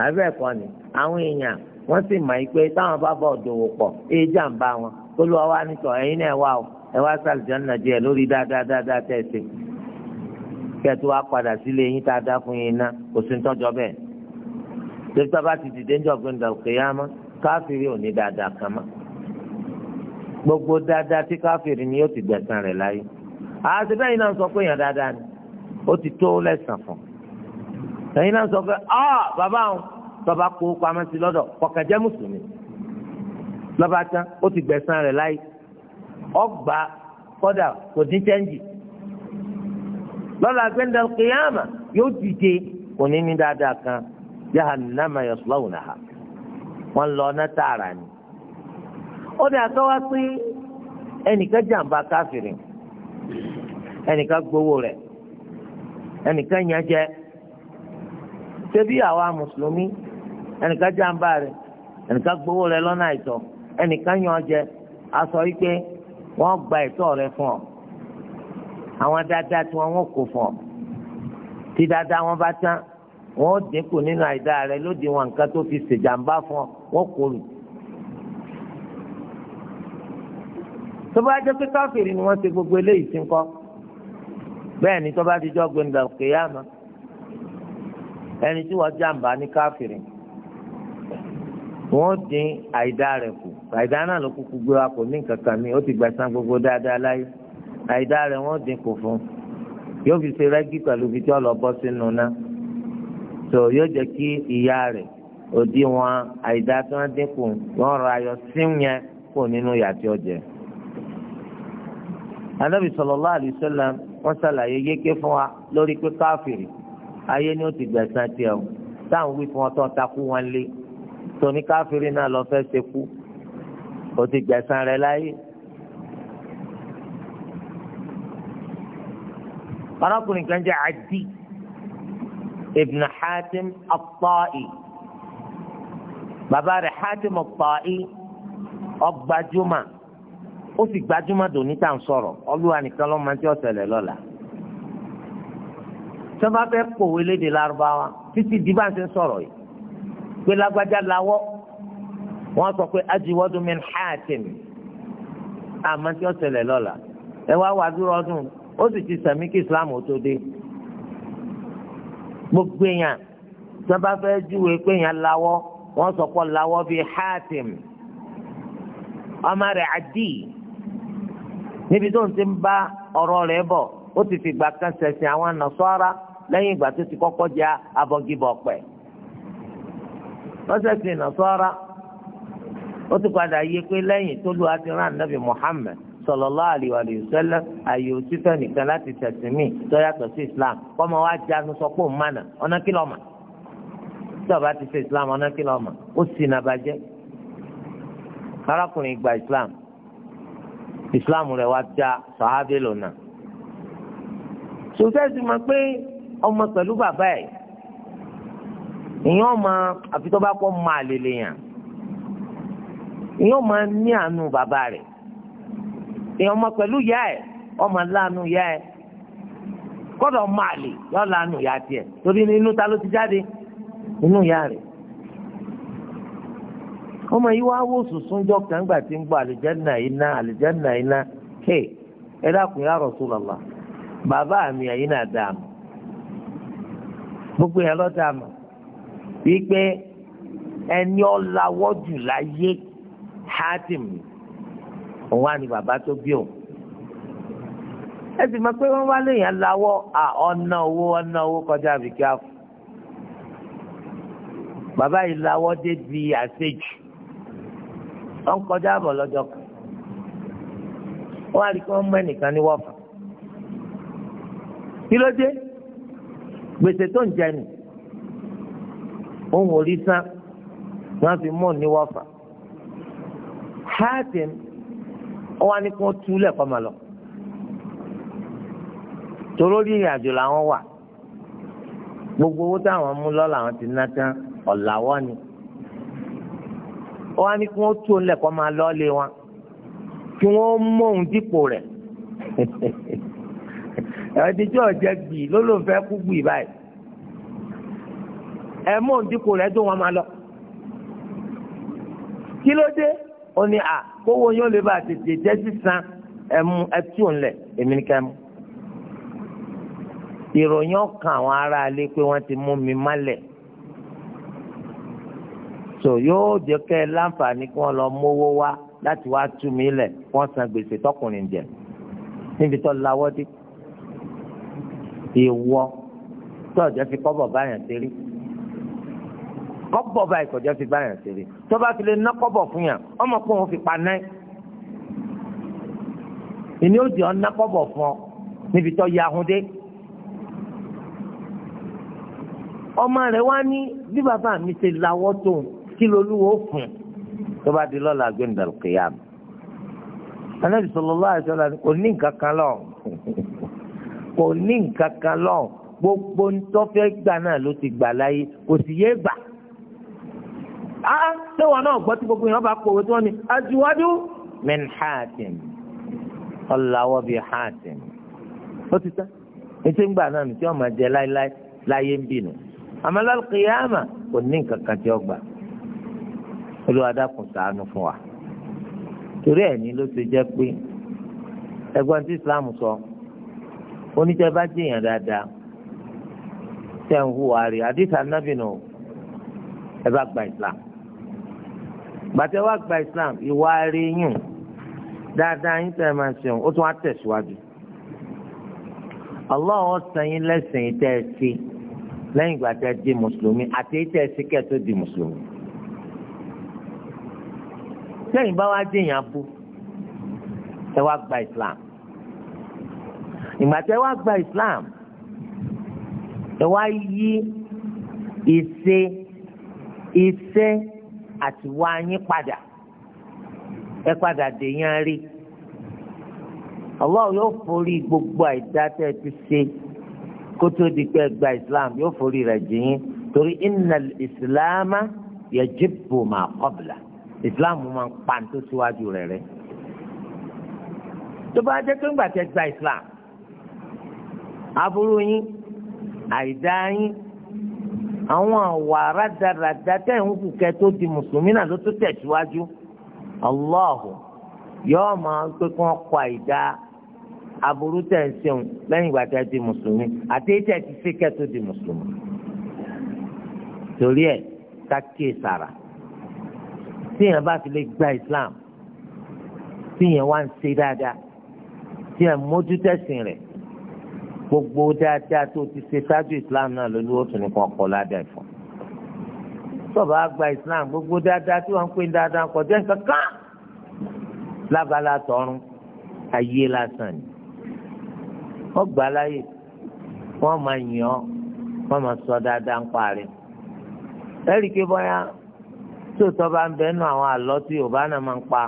àbí ẹ̀kọ́ ni àwọn èèyàn wọ́n sì mọ̀ pé táwọn bá bọ̀ dòwò pọ̀ èyí jàǹbá wọn tó lọ́wọ́ wá nítọ̀ ẹ̀yin náà wà ó ẹ wá sàlìjọ́nà díẹ̀ lórí dáadáa dáadáa tẹ̀ kẹ́ẹ̀tọ́ wa padà sílé yín tá a dá fún yín ná kò sí tọ́jọ́ bẹ́ẹ̀. tẹ́tọ́ bá ti dìde ńjọ́ fún ìdàgbé yá mọ́ káfíìrì ò ní dáadáa kan mọ́. gbogbo dáadáa tí káfíìrì ni yóò ti gbẹ̀san rẹ̀ láyé. àti bẹ́ẹ̀ náà sọ pé èèyàn dáadáa ni ó ti tó lẹ́sàn fún. ẹ̀yin náà sọ pé ọ́ bàbá àwọn tọba kó pamọ́ sí lọ́dọ̀ kọ̀kẹ́jẹ́ mùsùlùmí. lọ́ba tán ó ti gbẹ̀san rẹ̀ láyé. ọgbà kọ́dà kò dín lọ́la gbẹ́ndà kìyàmà yóò dìde kò ní dáadáa kan jahannama yaslawnaha wọ́n lọ ná tààrà ni. ó dà tó wá pé ẹnìkan jàǹbá káfìrì ẹnìkan gbowó rẹ̀ ẹnìkan yẹn jẹ́ ṣebí àwa mùsùlùmí ẹnìkan jàǹbá rẹ̀ ẹnìkan gbowó rẹ̀ lọ́nà àìtọ́ ẹnìkan yẹn jẹ́ aṣọ yìí pé wọ́n gba ẹ̀tọ́ rẹ̀ fún ọ. àwọn dáadáa tí wọn kò fọ tí dáadáa wọn bá tán wọn ó dínkù nínú àìdá rẹ lóde wọn nǹkan tó fi ṣèjàmbá fún wọn kò lù. tó bá jẹ́ pé káfíìrì ni wọ́n ṣe gbogbo eléyìí ti ń kọ́ bẹ́ẹ̀ ni tó bá ti jọ́ gbẹ̀ndà kéyàmá ẹni tí wọ́n jàǹbá ní káfíìrì wọ́n dín àìdá rẹ̀ kù àìdá náà ló kúkú gbé wa kò ní nǹkan kan mi ó ti gbẹ̀san gbogbo dáadáa láyé àìdá rẹ̀ wọ́n dínkù fún yóò fi ṣe rẹ́gí pẹ̀lú ibi tí ó lọ bọ́ sínú náà tó yóò jẹ́ kí ìyá rẹ̀ òdi wọn àìdá tí wọ́n dínkù wọ́n rọ ayọ̀ sín yẹn kó nínú ìyà tí ó jẹ. anábì sallallahu alaihi wasallam wọ́n ṣàlàyé yéké fún wa lórí pé káfìrì ayé ni ó ti gbẹ̀san tiẹ̀ o táwọn wí fún ọtọ́ takú wọn lé tóní káfìrì náà lọ fẹ́ ṣekú ó ti gbẹ̀san rẹ̀ láyé. arákùnrin kan jẹ́ Adi ibn Hatim At-Ta'i bàbá rẹ̀ Hatim At-Ta'i ọgbàjúmọ̀ ó sì gbajúmọ̀ dòní tá à ń sọ̀rọ̀ ọlúwa nìkan ló máa ń tí ọ̀sẹ̀lẹ̀ lọ́la tí wọ́n bá fẹ́ kọ̀wé léde lárúbáwá títí di bá ń ṣe sọ̀rọ̀ yìí pé lágbájá lawọ́ wọ́n sọ pé ajiwọ́dún min àmọ́ tí ọ̀sẹ̀lẹ̀ lọ́la ẹ wá wàá ọdún ó sì ti sàmí kí islam ó tó dé gbogbo èèyàn tí wọ́n bá fẹ́ júwe pé èèyàn lawọ́ wọ́n sọ pé lawọ́ bíi ọmọ rẹ̀ níbi tó ń ti bá ọ̀rọ̀ rẹ̀ bọ̀ ó ti fìgbà kan ṣẹ̀sìn àwọn Nasara lẹ́yìn ìgbà tó ti kọ́kọ́ abọ́gibọ̀ pẹ̀. ó ti padà pé lẹ́yìn tó lu Muhammad sallallahu alaihi wa sallam àyè òtítọ́ nìkan láti tẹ̀sí mi tó yàtọ̀ sí islam kọ́mọ wa jánu sọ pé òun mànà ọ̀nà kí lọ́mà tí ọba ti ṣe islam ọ̀nà kí lọ́mà ó sì nà bàjẹ́ arákùnrin gba islam islam rẹ̀ wá já sàhábẹ́ lọ́nà sòtẹ́sì máa pé ọmọ pẹ̀lú bàbá ẹ̀ ìyẹn ọmọ àfitọ́bápọ̀ máa lè lè yàn ìyẹn ọmọ ní àánú bàbá rẹ̀ èèyàn ọmọ pẹ̀lú ìyá ẹ̀ ọmọ ma ìyá ẹ̀ kọ́dọ̀ ọmọ yọ láàánú ìyá tiẹ̀ torí inú ta ló ti jáde inú ìyá rẹ̀ ọmọ yìí wá wò sùsùn jọ kàńgbà tí ń gbọ́ àlùjánnà iná àlùjánnà iná kéè ẹ dákun ya Rasulullah bàbá mi ẹ̀yin náà dà mọ́ gbogbo yẹn lọ́dà mọ́ wípé ẹni ọ̀làwọ́ jù láyé òun wá bàbá tó bí òun ẹ sì mọ̀ pé wọ́n wá léèyàn lawọ à ọ̀nà owó ọna owó kọjá àbíkí àfọ bàbá yìí lawọ́ di àṣejù wọ́n kọjá àbọ̀ lọ́jọ́ kan wọ́n á rí kí wọ́n mú ẹnìkan ní wọ́ọ̀fà kí ló dé gbèsè tó ń jẹ nì òun ò rí sán wọ́n fi mú ní wọ́ọ̀fà hátìm wọ́n wá ní kí wọ́n túlẹ̀ kọ́ máa lọ torórí ìrìn àjò làwọn wà gbogbo owó táwọn mú lọ làwọn ti ná tán ọ̀làwọ́ ni wọ́n á ní kí wọ́n tú òun lẹ̀kọ́ máa lọ́ọ́lé wọn kí wọ́n mú òun dípò rẹ̀ ẹ̀ẹ́dìjọ́ jẹ gbì lólùfẹ́ kú gbì báyìí ẹ̀ mú òun dípò rẹ̀ dùn wọn máa lọ kí ló dé ó ní à kówó yóò lè bá tètè jẹ́ sísan ẹ̀mú ẹtú ńlẹ̀ èmi ní ká mú. ìròyìn ọkàn àwọn aráalé pé wọ́n ti mú mi málẹ̀ so yóò jẹ́ kẹ́ ẹ láǹfààní kí wọ́n lọ mówó wá láti wá tú mi lẹ̀ wọ́n san gbèsè tọkùnrin jẹ níbi tó lawọ́ dé ìwọ tó ọ̀jọ́ fi kọ́ bọ̀ báyàn ti rí kọ́bọ̀ báyìí kọjá fi bá yàn ṣeré tó bá fi lè ná kọ́bọ̀ fún yàn ọmọ kó òun fi pa náà ìní ó di ọ́ ná kọ́bọ̀ fún ọ níbi tó yẹ ahun dé. ọmọ rẹ̀ wá ní bí bàbá mi ṣe lawọ́ tó kí lolúwo fún tó bá di lọ́la gbẹ̀ndàlùkìyàm. Ànábì sallallahu alaihi wasallam kò ní nǹkan kan lọ kò ní nǹkan kan lọ gbogbo ntọ́fẹ́ gbà náà ló ti gbà láyé kò sì yé gbà ṣé wọn náà gbọ́ tí gbogbo yẹn bá pòwe tí wọ́n ní aṣíwájú min haatim ọ̀làwọ̀ bíi haatim ó ti tán ètò ìgbà náà ní tí wọ́n máa jẹ láéláé láyé ń bì nù àmọ́ lálùkìyàmà kò ní nǹkan kan tí ó gbà olùwàdàkùn ṣàánú fún wa torí ẹ̀ ní ló ti jẹ́ pé ẹgbọ́n tí Islam sọ oníjẹ́ bá jìyàn dáadáa tẹ̀ ń hùwà rí àdìsá nábìnú ẹ bá gba Islam gbàtẹ́ wá gba islam ìwà rí yùn dáadáa yín tẹ́ máa ṣeun ó tún wá tẹ̀síwájú. Allah ó san yín lẹ́sìn tẹ́ ẹ sí lẹ́yìn ìgbà tẹ́ di mùsùlùmí àti tẹ́ ẹ sí kẹ́ di mùsùlùmí. sẹ́yìn bá wá dé yàn bú ẹ wá gba islam. ìgbà tẹ́ wá gba islam ẹ wá yí ìṣe ìṣe àti wá yín padà ẹ padà dé yán rí Allah yóò forí gbogbo àìdá tẹ́ ẹ ti ṣe kó tó di pé gba Islam yóò forí rẹ̀ jì yín torí innal ìsìlámà yajibbu ma qabla Islam máa ń pa tó síwájú rẹ̀ rẹ̀ tó bá jẹ́ pé ńgbà gba Islam aburú yín àìdá yín àwọn àwà rádaràdá tẹ̀ ń kù kẹ́ tó di mùsùlùmí náà ló tó tẹ̀síwájú Allahu yóò máa pé kí wọ́n kọ àìdá aburú tẹ̀ ń ṣeun lẹ́yìn ìgbà tẹ̀ di mùsùlùmí àti tẹ̀ ti ṣe kẹ́ tó di mùsùlùmí torí ẹ̀ ká kíyè tíyẹn bá fi lè gba Islam tíyẹn wá ń ṣe dáadáa tíyẹn mójútẹ́sìn rẹ̀ gbogbo dáadáa tó ti ṣe ṣáájú islam náà lólu ó tún nìkan kọ ládàá ẹ̀fọ́ sọba àgbà islam gbogbo dáadáa tí wọ́n ń pè ní dáadáa kọjá nǹkan kan lábala tọ̀run ayé lásán ni wọ́n gbà láyè wọ́n máa yàn ọ́ wọ́n máa sọ dáadáa ń parí ẹ̀rí ké bọ́yá tí òótọ́ ń bẹ nù àwọn àlọ́ tí Yorùbá náà máa ń pa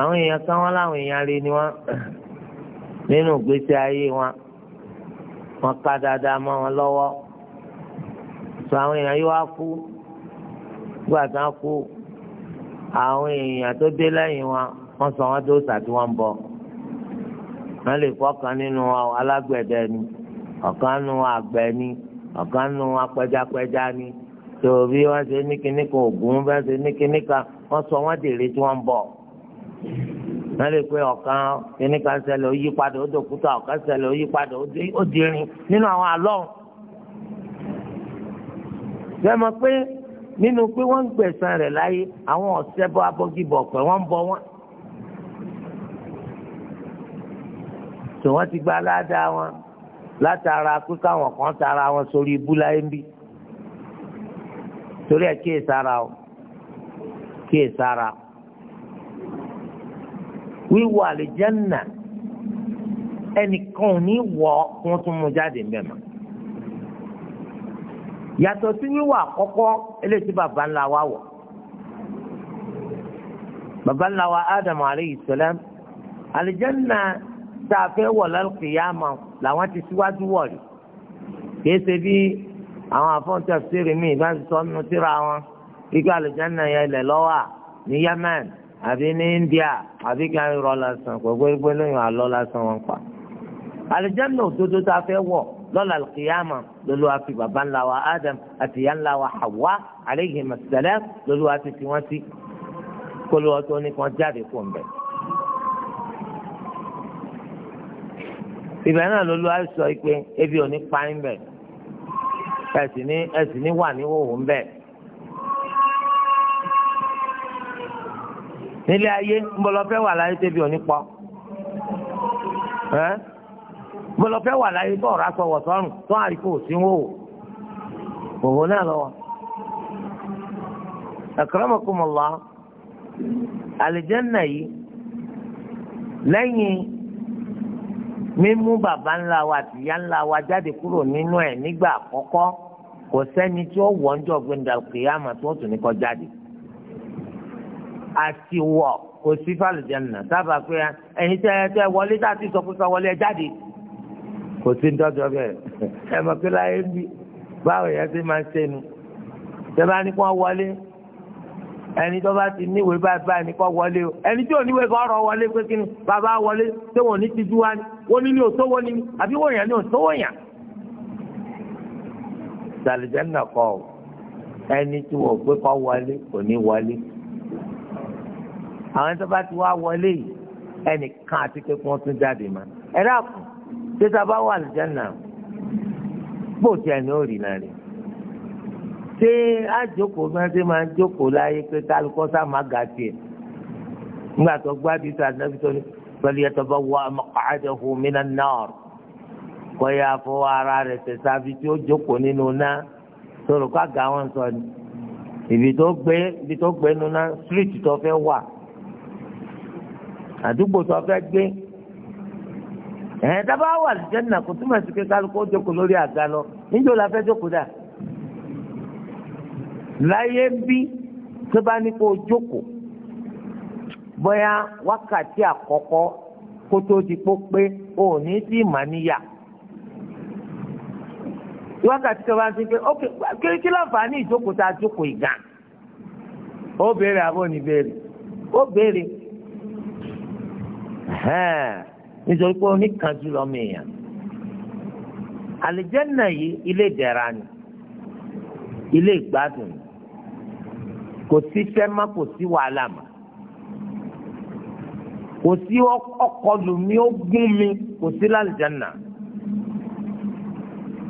àwọn èèyàn kan wọ́n láwọn èèyàn rí ni wọ́n nínú ìgbésí ayé wọn wọn ká dáadáa mọ́ wọn lọ́wọ́ sọ àwọn èèyàn yìí wá kú gbà tán kú àwọn èèyàn tó dé lẹ́yìn wọn wọ́n sọ wọn tó sàtí wọn bọ wọn lè fọkàn nínú alágbẹ̀dẹ ni ọ̀kan nu àgbẹ̀ ni ọ̀kan nu apẹjapẹja ni tó bí wọ́n ṣe ní kíní kan ògún bẹ́ẹ̀ ṣe ní kíní kan wọ́n sọ wọ́n dèrè tí wọ́n bọ̀ wọ́n lè pe kíní kan ṣẹlẹ̀ ó yí padà ó dòkúta ọ̀kan ṣẹlẹ̀ ó yí padà ó di irin nínú àwọn àlọ́ ṣe mọ̀ pé nínú pé wọ́n ń gbẹ̀san rẹ̀ láyé àwọn ọ̀sẹ̀ bọ́ abọ́gibọ̀ pẹ̀ wọ́n ń bọ wọn. tò wọ́n ti gba aládàá wọn látara pé káwọn kan tara wọn sórí ibú láyé ń bí torí ẹ̀ kíyè o kíyè o wíwọ àlùjànnà ẹnìkan ò ní wọ wọn tún mú jáde mbẹ mọ yàtọ̀ sí wíwọ àkọ́kọ́ eléyìí bàbá ńlá wa wọ bàbá ńlá wa Ádámù alayhi salam àlùjànnà tá a wọ̀ lálùkìyàmà làwọn ti síwájú wọ̀ kìí ṣe bí àwọn àfọ̀ǹtẹ̀ fìrì míì ti sọ nínú tíra wọn ikú àlùjànnà yẹn lẹ̀ lọ́wọ́ ní Yemen àbí ní India àbí kí wọ́n rọ lásán gbogbo ẹgbẹ́ lóyún àlọ́ lásán wọn pa. àlùjánnà òdodo tá a fẹ́ wọ̀ lọ́la kìyàmà lọ́lọ́ àfi bàbá ńlá wa Adam àti ìyá ńlá wa Hawa àlẹ́yìn màsàlẹ́ lọ́lọ́ àti tí wọ́n ti kólú ọtọ́ ní kan jáde kó ń bẹ̀. ìbẹ̀ náà lọ́lọ́ àìsọ pé ebi ò ní pa ń bẹ̀ ẹ̀sìn ní wà ní òhùn bẹ́ẹ̀. nílé ayé ńbọlọfẹ́ wà láyé tẹ́bi òní pọ̀ ẹ́ ńbọlọfẹ́ wà láyé tó ọ̀rá sọ wọ̀sọ́rùn tó àríkò òsínwó òwò náà lọ́wọ́ akramakumullah àlìjẹ́nà yìí lẹ́yìn mímú bàbá ńlá wa àti ìyá ńlá wa jáde kúrò nínú ẹ̀ nígbà àkọ́kọ́ kò sẹ́ni tí ó wọ́n jọ gbẹ̀ndàkìyàmà tó tún ní kọ́ jáde àti wọ̀ kò sí fàlùjẹ́nà sábà pé ẹ̀yin tẹ́ ẹ tẹ́ wọlé tá a wọlé ẹ jáde kò sí dọ́jọ́ bẹ́ẹ̀ ẹ mọ̀ pé láyé ń bí báwo yẹn ti máa ń sẹ́nu tẹ́lá ní kó wọlé ẹni tó bá ti níwèé báyìí báyìí ní kó wọlé o ẹni tí ò níwèé kó ọ̀rọ̀ wọlé pé kí ni bàbá wọlé tí wọn ò ní ti dúwá ni wọn ní ní òṣòwò ni ni àbí wọn yàn ní òṣòwò yàn. sàlìjẹ́ nà kọ́ ẹni tí wọ́n gbé kó wọlé kò ní wọlé àwọn tó bá ti wá wọlé yìí ẹnìkan àti pé kí wọ́n tún jáde mọ́ ẹ dákun tí sábà wà lùjánà bó tiẹ̀ ní òrì náà rè ṣé àjókòó bí wọ́n ṣe máa ń jókòó láyé pé kálukọ́ sá máa ga tiẹ̀ nígbà tó gbádìí sọ àdínábí tó ní pẹ̀lú yẹtọ̀ bá wọ maq'adahu minan nar kọ́ ya fọwọ́ ara rẹ̀ tẹ̀sán àfi tí ó jókòó nínú náà sọ̀rọ̀ ká gà wọ́n sọ ni ibi tó gbé ibi tó gbé nínú náà street tó fẹ́ wà àdúgbò tó fẹ́ gbé ẹ̀ẹ́n tá a bá wà lùjẹ́nà kò túmọ̀ sí pé kálukú ó jókòó lórí àga lọ níjó la fẹ́ jókòó dà láyé bí tó bá ní kó o jókòó bóyá wákàtí àkọ́kọ́ kó tó di pó pé o ò ní sí ìmọ̀ níyà wákàtí tó bá ń sèké ok kí láǹfààní ìjókòó tá a jókòó ìgàn ó béèrè àbọ̀ ní béèrè ó béèrè nítorí pé oníkanjú èèyàn àlìjẹ́nà yìí ilé ni ilé ìgbádùn ni kò sí fẹ́mọ́ kò sí wàhálà mọ́ kò sí ọkọlù mi ó gún mi kò sí lálìjẹ́nà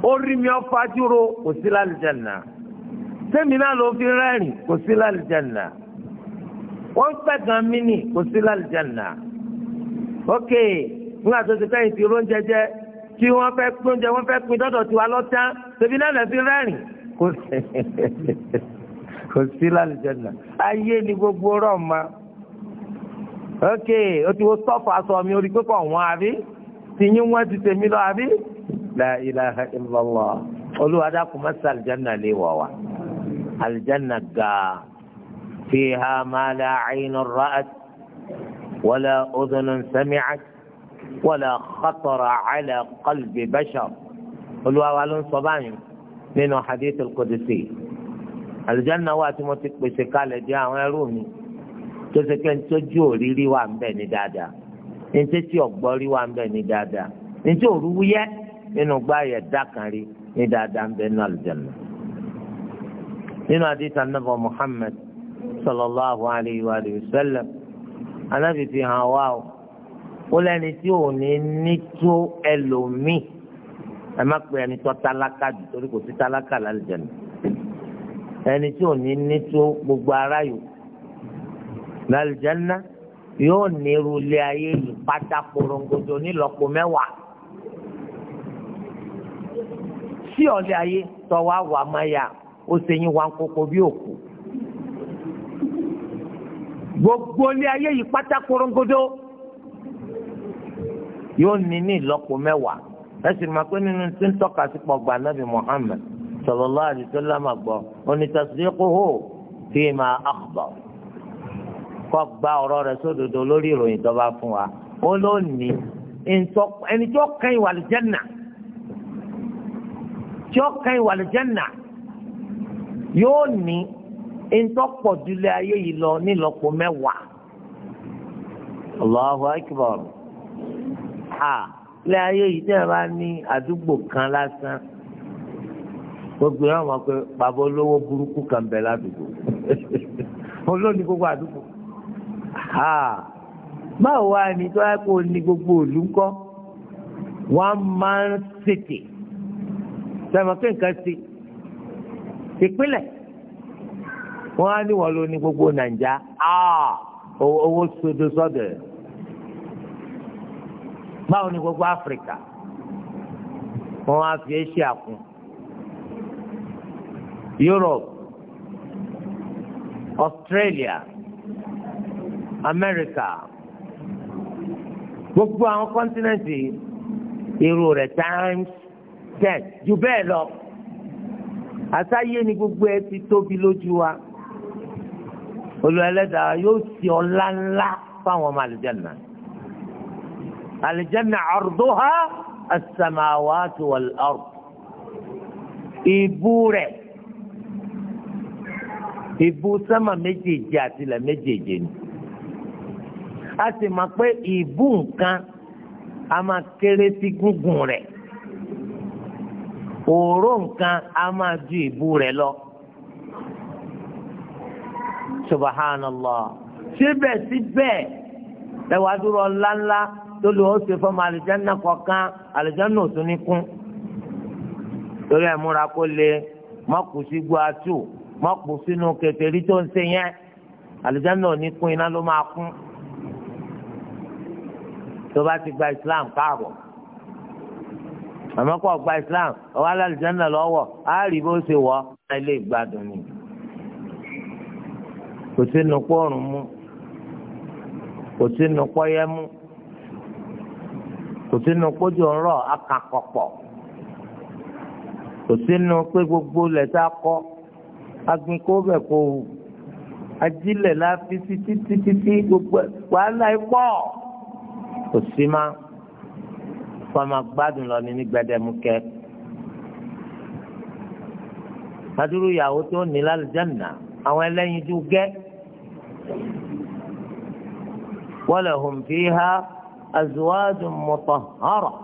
ó rí mi ó dúró kò sí lálìjẹ́nà sẹ́mi náà ló fi rẹ́rìn kò sí lálìjẹ́nà wọ́n mí ok nígbà tó ti fẹ́yìn ti róúnjẹ jẹ tí wọ́n fẹ́ róúnjẹ wọ́n fẹ́ pin dọ́dọ̀ tiwa lọ́tán tẹ̀bí náà lẹ́ fi rẹ́rìn kò sí lálùjẹ́nà ayé ni gbogbo rọ̀ ma ok o ti wo sọ́ọ̀fù aṣọ mi orí pé kò wọ́n àbí tìyín wọ́n ti tèmi lọ àbí la ilaha illallah olúwa dákun má sí alìjánná lè wọ̀ wá alìjánná ga fiha ma la 'aynun ra'at. ولا أذن سمعت ولا خطر على قلب بشر الوالون صبان من حديث القدسي الجنة واتمتك بسكالة جاء ويرومي تسكن تجوري لي بني دادا انت تيوبوري وان بني دادا انت روية من باية داكاري ni dáadáa الجنة. من ní النبي محمد صلى الله عليه وآله وسلم anábì fi hàn wá o ó lẹ́ni tí ò ní ní tó ẹlòmíì ẹ má pe ẹni tó tálákà jù torí kò sí tálákà lálùjẹ̀nu ẹni tí ò ní ní tó gbogbo ará yòó lálùjẹ̀nà yóò ní irú ilé ayé yìí pátá korongodo nílọ́po mẹ́wàá sí ọ̀lẹ́ ayé tọ́wọ́ àwọn amáyà ó ṣe yín wá ń kókó bí òkú gbogbo ilé ayé yìí pátá korongodo yóò ní ní ìlọ́po mẹ́wàá ẹ̀sìn máa pé nínú tí ń tọ́ka sí pọ̀gbà nàbì Muhammad sallallahu alaihi wasallam gbọ́ onítasídẹ́kọ̀ọ́ fi máa àkùbọ̀ kọ́ gba ọ̀rọ̀ rẹ̀ sódodo lórí ìròyìn tó bá fún wa ó ló ní ẹni tí ó kàn ìwà àlùjànnà tí ó kàn ìwà àlùjànnà yóò ní ntọ́pọ̀ dúlé ayé yìí lọ nílọ́pọ̀ mẹ́wàá Allahu Akbar a lé ayé yìí tẹ́ ẹ bá ní àdúgbò kan lásán gbogbo yẹn wọn pé bàbá olówó burúkú kan bẹ̀ ládùúgbò olóòní gbogbo àdúgbò a báwo wá ní tó yẹ kó ní gbogbo òlú ńkọ́ one man city sẹ́wọ̀n kí nǹkan ti ìpínlẹ̀ wọ́n á ní wọ́n ló ní gbogbo nàìjà ah, owó sodo sọ́dọ̀ ẹ̀ báwo ni gbogbo áfíríkà wọ́n á fi Asia kún Europe Australia America gbogbo àwọn kọ́ńtínẹ̀tì irú rẹ̀ times ten jù bẹ́ẹ̀ lọ àtàyé ni gbogbo ẹ ti tóbi lójú wa olú ẹlẹ́dàá yóò ti ọlá ńlá fáwọn ọmọ àlùjánnà àlùjánnà arduha as-samawati wal-ard ìbú rẹ̀ ìbú sánmà méjèèjì àti ilẹ̀ méjèèjì ni a sì mọ̀ pé ìbú nǹkan a máa kéré sí gúngùn rẹ̀ òórò nǹkan a máa ju ìbú rẹ̀ lọ subhanallah síbẹ̀síbẹ̀ ẹwà dúró ńláńlá tó lè ó ṣe fọmọ àlùjáná kọ̀ọ̀kan àlùjáná òtún ní kún torí ẹ̀ múra kó lè mọ́kù sí gbàtú mọ́kù sínú kẹtẹ́rí tó ń ṣe yẹn àlùjáná òní kún iná ló máa kún tó bá ti gba Islam káàbọ̀ àmọ́ kó gba Islam ọ̀wá àlùjáná lọ́wọ́ á rí bó ṣe wọ́ ilé ìgbádùn ni kò sínú pọ́ọ̀rùn mú kò sínú pọ́yẹ́ mú kò sínú kójú ọ̀rọ̀ akakọ̀pọ̀ kò sínú pé gbogbo lẹ́tà kọ́ agbin kó bẹ̀ kó wù ajílẹ̀ la fi títí títí tí gbogbo wàhálà ipọ̀ kò sí ma fọmọ gbádùn lọ ní gbẹdẹmukẹ adúrú ìyàwó tó ní lálùjáná àwọn ẹlẹ́yinjú gẹ́ ولهم فيها أزواج مطهرة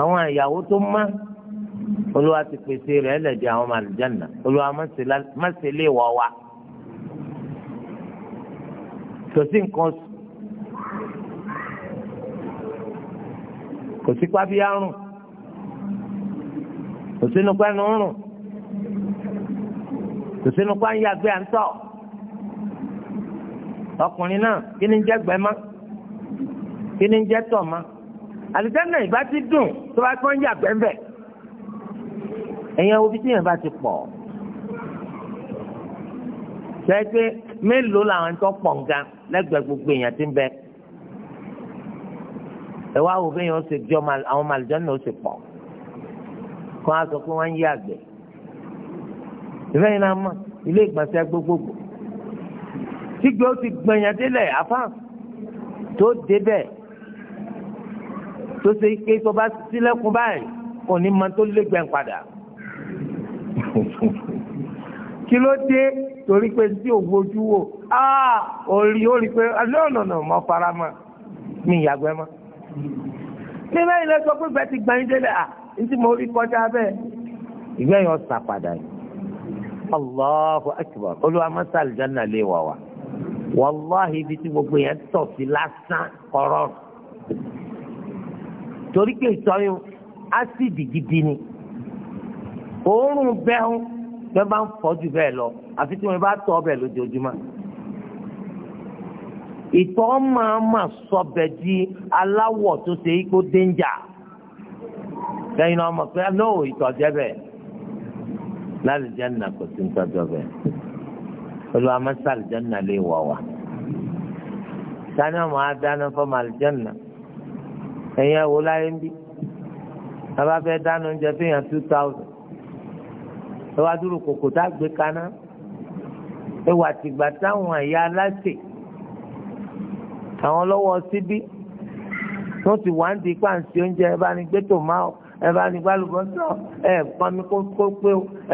àwọn ìyàwó tó mọ́ olúwa ti pèsè rẹ̀ ẹlẹ́dẹ̀ àwọn ọmọ àlùjáná olúwa má ṣe lé wọ́ wa kò sí nǹkan oṣù kò sí pábíyá rùn kò sínú pẹ́ẹ́nu rùn kò sínú pẹ́ẹ́nu yàgbé à ń tọ̀ ọkùnrin náà kí ni jẹ́ gbẹ́mọ́ kí ni jẹ́ tọ̀mọ́ àlùjánnà ìbá ti dùn tó bá tó ń yà gbẹ́mbẹ́ ẹ̀yẹn obi tí yẹn bá ti pọ̀ sẹ́gbẹ́ mélòó làwọn tó pọ̀ ń ga lẹ́gbẹ̀ẹ́ gbogbo èèyàn ti ń bẹ ẹ wá wo bẹ́ẹ̀ yẹn ó ṣe jọ àwọn àlùjánnà ó ṣe pọ̀ kó a sọ pé wọ́n ń yí àgbẹ̀ ìfẹ́ yìí náà mọ̀ ilé ìgbọ̀nsẹ̀ gbogbogbò tígbẹ́ ó ti gbẹ̀yàn délẹ̀ afá tó débẹ̀ tó ṣe ike tó bá sílẹ̀kùn báyìí kò ní ma tó lé gbẹ̀ǹ padà kí ló dé torí pé tí ò wojú wò á ah, orí ó rí pé lọ́nà ah, mọ́ fara mọ́ mi ìyàgbẹ́ mọ́ ní báyìí lọ sọ pé bẹ́ẹ̀ ti gbẹ̀yìn délẹ̀ à ah, ní tí mo rí kọjá bẹ́ẹ̀ ìgbẹ́yìn ọ̀sà padà yìí. Allahu akbar olúwa mọ́sálì jẹ́ nàlẹ́ wà wá wàláhì ibi tí gbogbo yẹn tọ̀ sí lásán kọ̀rọ̀ torí pé ìtọ́yún ásìdì gidi ni òórùn bẹ́hùn bẹ́ẹ̀ bá ń fọ́jú bẹ́ẹ̀ lọ àfi tí wọ́n bá tọ́ ọbẹ̀ lójoojúmọ́ ìtọ̀ máa ma sọbẹ̀ di aláwọ̀ tó ṣe é kó dénjà lẹ́yìn náà ọmọ pé náà ìtọ̀ jẹ́ bẹ́ẹ̀ láti jẹ́ nà kò sí ń tọ́jọ́ bẹ́ẹ̀ olùwà mọ́sá àlùjọ́nà lè wọ̀ wá. sani àwọn adáná fọmọ àlùjọ́nà ẹ̀yin ẹ̀wò láyé ń bí bàbá fẹ́ dáná oúnjẹ fún yàn two thousand ẹ wá dúró kòkò tá a gbé kaná ẹ wà tìgbà táwọn ẹ̀yà aláṣẹ àwọn lọ́wọ́ síbí wọ́n ti wá ń di pàǹsí oúnjẹ bá ní gbé tòmáwò ẹ bá ní gbálùbọ́ sọ ẹ pọnmi kó pé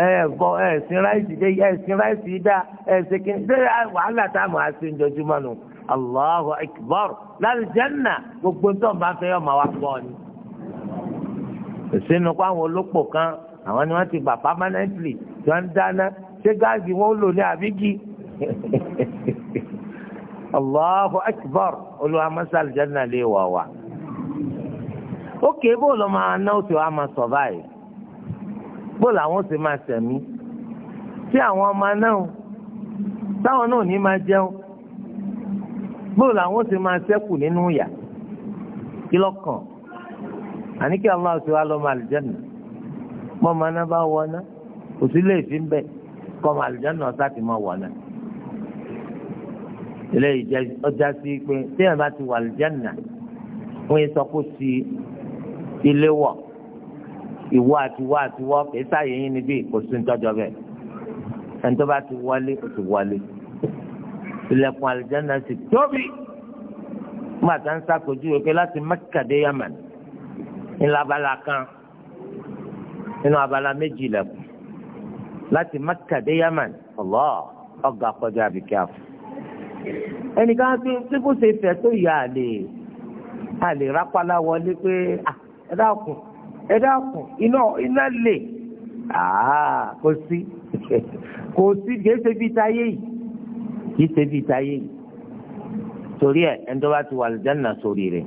ẹ bọ ẹ sin ráìsì dé ẹ sin ráìsì dá ẹ ṣe kí ṣe wàhálà tá a mọ̀ á ṣe ńjọjúmọ́ nù Allahu akbar lálùjẹ́nà gbogbo tó ń bá fẹ́ yọ̀ máa wá pọ̀ ni. ìsinú kó àwọn olópò kan àwọn ni wọ́n ti gbà permanently tí wọ́n ń dáná ṣé gáàsì wọn ó lò ní àbíkí. Allahu akbar olùwàmọ́sálùjẹ́nà lè wà wá ókè bó lọ máa ná oṣù wa máa survive bó làwọn oṣù máa sẹ̀mí tí àwọn ọmọ náà táwọn náà ní máa jẹun bó làwọn oṣù máa sẹ́kù nínú yà kí lọ́kàn àní kí Allah ṣe wá lọ máa àlùjánnà mọ́ máa ná bá wọ ná kò sí lè fi ń bẹ̀ kọ́ máa àlùjánnà ọ̀sá ti máa wọ̀ ná. eléyìí ọjà sí pé téèyàn bá ti wà àlùjánnà wọ́n yẹ sọ kó sí i sí léwọ̀ ìwọ àti wọ àti wọ kì í sáàyè yín níbí kò sí nítọ́jọ́ bẹ́ẹ̀ ẹni tó bá ti wọlé kò ti wọlé ilẹ̀kùn àlìjáná sì tóbi gbàtà ń sàkójú rẹ̀ pé láti Mẹ́kà dé Yaman ńlá abala kan nínú abala méjì ilẹ̀kùn láti Mẹ́kà dé Yaman ọ̀lọ́ ọ̀gá kọjá àbíkẹ́ àfọ̀ ẹnìkan tó ṣe fẹ́ tó yà á lè á lè rápálá wọlé pé ah ẹ dákun ẹ dákun iná iná lè kò sí kò sí kìí ṣe bíi táyé yìí kìí ṣe bíi táyé yìí torí ẹ ẹni tó bá ti wà lùjánà sórí rẹ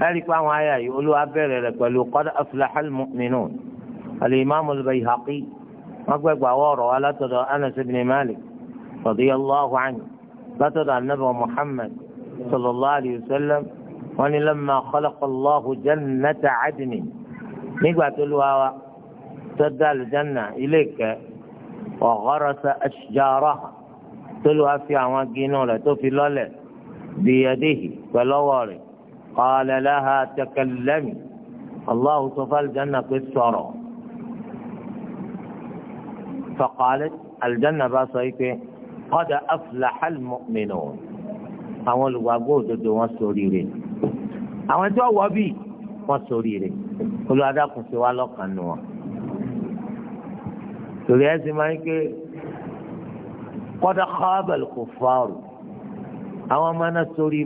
ẹrí pé àwọn àyà yìí olúwa bẹ̀rẹ̀ rẹ̀ pẹ̀lú qad aflahal mu'minun al-imam al-bayhaqi wọn gbẹgbà wọ̀rọ̀ wa látọ̀dọ̀ anas ibn malik radiyallahu anhu látọ̀dọ̀ anabi muhammad sallallahu alayhi wa wọ́n ní lamma khalaqa Allahu jannata adni nígbà tó lù wá wa tó dá àlùjánnà ilé ìkẹ́ wa gharasa ashjaraha tó lù wá fi àwọn gínú rẹ̀ tó fi lọ́lẹ̀ biyadihi pẹ̀lú ọwọ́ rẹ̀ qala Allahu sọ fún pé sọ̀rọ̀ faqalat àlùjánnà bá sọ yìí pé qad aflaha al àwọn olùgbàgbọ́ òdodo wọn sóríire àwọn tí wọ́n wọ́ bí wọ́n sórí rẹ̀ olùwádàkùn ti wá lọ́kàn nù wọn. torí ẹ sì máa ń ké kọ́dà kábàlì kò fáàrù àwọn ọmọ náà sórí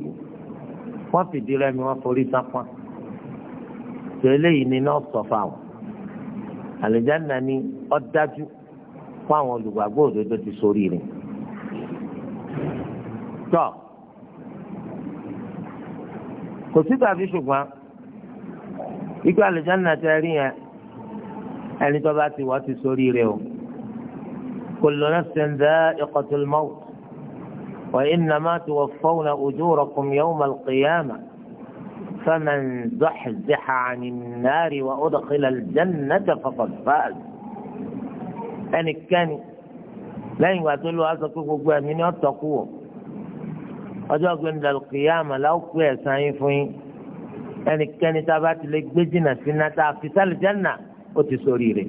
wọ́n fìdí rẹmi wọ́n forí sápá tó eléyìí ni náà sọ fáwọn àlùjáná ni ó dájú fún àwọn olùgbàgbọ́ òdodo ti sórí rẹ̀ tọ́. kò sí tàbí ṣùgbọ́n ikú àlùjáná tẹ rí yẹn ẹni tó bá ti wọ́ ti sórí rẹ o kullu nafsin dha'iqatul mawt wa má ti wọ́n innama tuwaffawna ujurakum yawmal qiyamah faman zuhziha 'anil nari wa udkhila al-jannata faqad faz ẹnikẹ́ni lẹ́yìn ìgbà tó lọ́wọ́ aso pé gbogbo ẹ̀mí ni ó tọ́kù wọ̀. ọjọ́ gbẹ̀ndà kìyàmà la ó pè ẹ̀san yín fún yín ẹnikẹ́ni tá a bá ti lè gbé jìnnà sí iná tá a fi sálì jẹ́nà ó ti sórí rẹ̀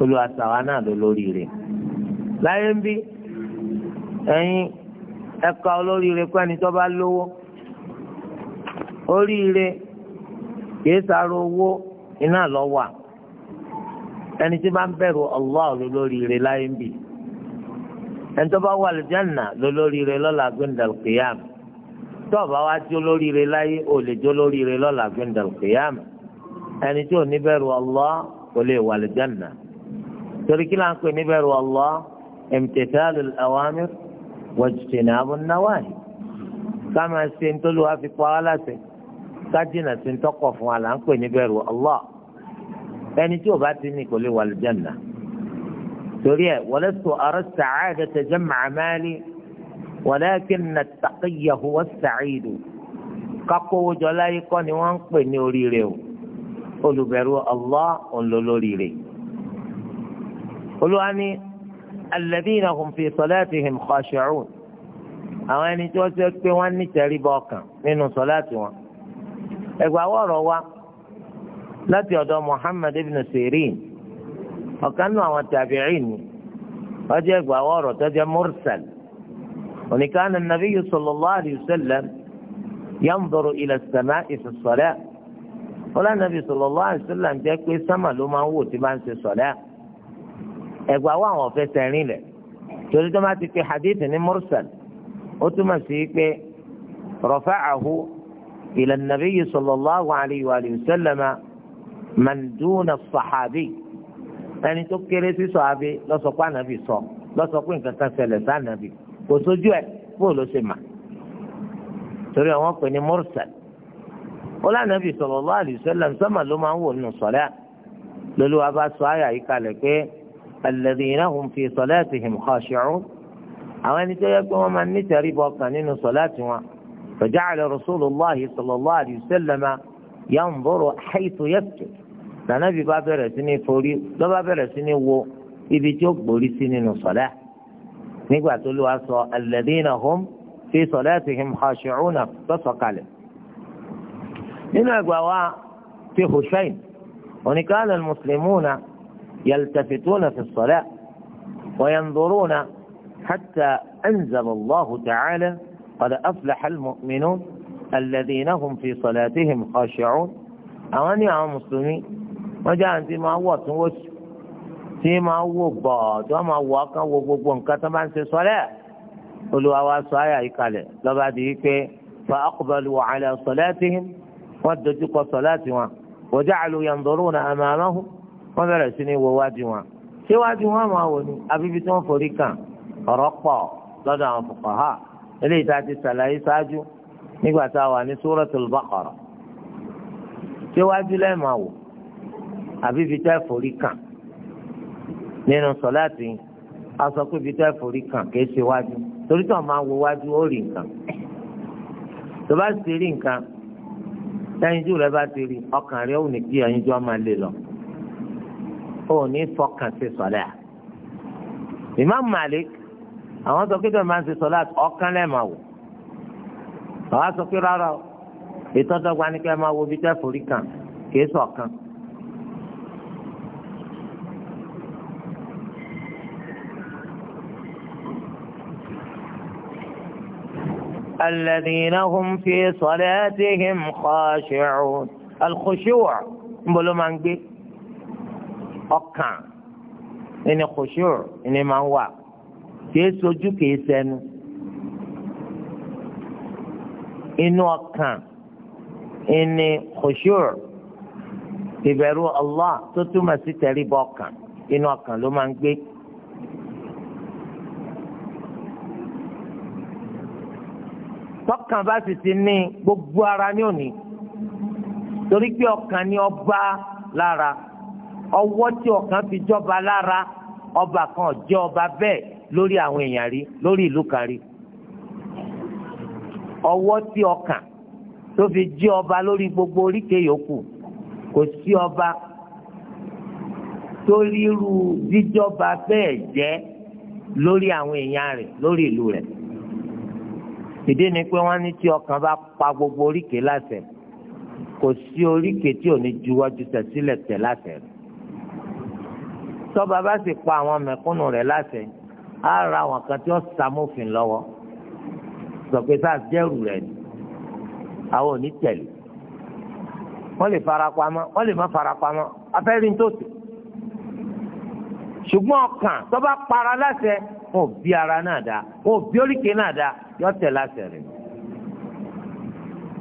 olùwàsàwà náà ló lórí rẹ̀ láyé ń bí ẹ̀yin ẹ̀ka olórí rẹ̀ pẹ́ni tó bá lówó oríire kìí sáré owó iná lọ ẹni tí bá ń bẹ̀rù Allah lórí rẹ̀ láyé ń bí ẹni tó bá wà lùjánà lólóríire lọ́la gbẹ̀ndàlùkìyàmù tó ọba wa jó lóríire láyé ò lè jó lóríire lọ́la gbẹ̀ndàlùkìyàmù ẹni tí ò ní bẹ̀rù Allah kò lè wà lùjánà torí kí láǹkó ní bẹ̀rù Allah imtithalul awamir wajtinabun nawahi ká máa ṣe ntòlúwa fi pa wá láṣẹ ká jìnnà sí ntọ́kọ̀ fún wa là ń pè ní bẹ̀rù Allah ẹni tí ò bá ti ní kò lè wà lùjánà torí ẹ̀ walastu ara as-sa'adata jam'a mali walakinna at-taqiyya huwa as-sa'id kakówó jọ láyé kọ́ ni wọ́n ń pè ní oríire o olùbẹ̀rù Allah olólóríire olúwa ni alladhina hum fi salatihim khashi'un àwọn ẹni tí wọ́n ti pé wọ́n ní tẹríba ọkàn nínú sọláàtì wọn ẹgbàá wọ̀rọ̀ wa láti ọ̀dọ̀ Muhammad ibn Sirin ọ̀kan nù àwọn tàbíìn ni wọ́n jẹ́ ẹgbàá ọ̀rọ̀ tó jẹ́ mursal oníkan an-nabiyyu sallallahu alayhi wa sallam yanzuru ila as-sama'i fi as-salah ọlànàbí sallallahu alayhi wa sallam jẹ́ pé sámà ló máa ń wò tí bá ń ṣe sọ̀lá ẹgbàá wà wọn fẹ́ sẹ́rin lẹ̀ torí tó máa ti pe hadith ní mursal ó túmọ̀ sí pé rafa'ahu ila an-nabiyyi sallallahu alayhi wa sallam ẹni tó kéré sí sọ̀hábí lọ́sọ̀ pé ànábì sọ lọ́sọ̀ pé nǹkan kan ṣẹlẹ̀ sí ànábì kò sójú ẹ̀ bó ló ṣe mà torí àwọn pè ní mursal ó lànàbì sallallahu alaihi wasallam sọ́mà ló máa ń wò nínú sọ̀lá lóluwà bá sọ àyà yìí kalẹ̀ pé alladhina hum fi salatihim khashi'un àwọn ẹni tó yẹ pé wọ́n máa ń nítorí bọ̀ kan nínú sọ̀lá tiwọn faja'ala rasulullahi sallallahu alaihi wasallam yanzuru haythu yasjud nana bi bá bẹ̀rẹ̀ sí ní forí lọ́ba bẹ̀rẹ̀ sí ní wo ibi tí ó gbórí sí nínú sọ̀lá nígbà tó ló wá sọ alladhina hum fi salatihim khashi'una lọ́sọ̀ kalẹ̀. nínú ẹgbà wa ti hussein oníkàlẹ̀ mùsùlùmùnà yaltafituna fi sọ̀lá wayanzuruna hatta anzala allahu ta'ala qad aflaha al-mu'minun alladhina hum fi salatihim khashi'un àwọn ní àwọn mùsùlùmí. wọ́n jẹ́ àwọn tí máa wọ̀ tún wọ́sù tí máa wò bọ̀ tí wọ́n máa wọ̀ ọkàn wo gbogbo nǹkan tó bá ń ṣe sọ́lẹ̀ olùwà wa sọ àyà yìí kalẹ̀ lọ́ba di wípé fa aqbalu ala salatihim wọ́n dojúkọ salati wọn wa ja'alu yanzuruna amamahum wọ́n bẹ̀rẹ̀ sí ní wo wájú wọn ṣé wájú wọn máa wò ní abíbi tí wọ́n forí kàn ọ̀rọ̀ pọ̀ lọ́dọ̀ àwọn fuqaha eléyìí tá a ti ṣàlàyé ṣáájú nígbà tá ní suratul baqara ṣé wájú lẹ́ẹ̀ máa wò àbí ibi tẹ́ forí kàn nínú sọláàtì a sọ pé ibi tẹ́ forí kàn kìí ṣe wájú torí tó máa wo wájú ó rí nǹkan tó bá ti rí nǹkan tẹ́yinjú rẹ bá ti rí ọkàn rẹ ò ní kí ẹyinjú ọmọ lè lọ ò ní fọkàn sí sọlá Imam Malik àwọn sọ pé tó máa ń ṣe sọlá ọkàn lẹ́ẹ̀ máa wò àwọn sọ pé rárá o ètò ni kẹ́ máa wo ibi tẹ́ forí kàn kìí sọ̀kan. So الذين هم في صلاتهم خاشعون الخشوع بلو مانجي أكا إن خشوع إن موا كي سوجو كي سن إن أكا إن خشوع تبرو الله تتو مسي تلي بوكا إن أكا لو مانجي tọkàn bá sì ti ní gbogbo ara ní òní torí pé ọkàn ni ọba lára ọwọ́ tí ọkàn fi jọba lára ọba kan jẹ́ ọba bẹ́ẹ̀ lórí àwọn èèyàn rí lórí ìlú kan rí ọwọ́ tí ọkàn tó fi jẹ́ ọba lórí gbogbo oríkèé yòókù kò sí ọba tó ríru jíjọba bẹ́ẹ̀ jẹ́ lórí àwọn èèyàn rẹ̀ lórí ìlú rẹ̀ ìdí ni pé wọ́n ní tí ọkàn bá pa gbogbo oríkèé láṣẹ kò sí oríkèé tí ò ní juwájú tẹ̀sílẹ̀ tẹ̀ láṣẹ tọ́ba bá sì pa àwọn mẹ̀kúnnù rẹ̀ láṣẹ á ra àwọn kan tí ó sàmófin lọ́wọ́ sọ̀pẹ́ sáà jẹ́rù rẹ̀ ni àwọn ò ní tẹ̀lé lè farapamọ́ wọ́n lè má farapamọ́ afẹ́rin ṣùgbọ́n ọkàn tọ́ba para láṣẹ wọn ò bí ara náà dá wọn ò bí oríkèé náà dá yọ tẹ̀ láti rìn.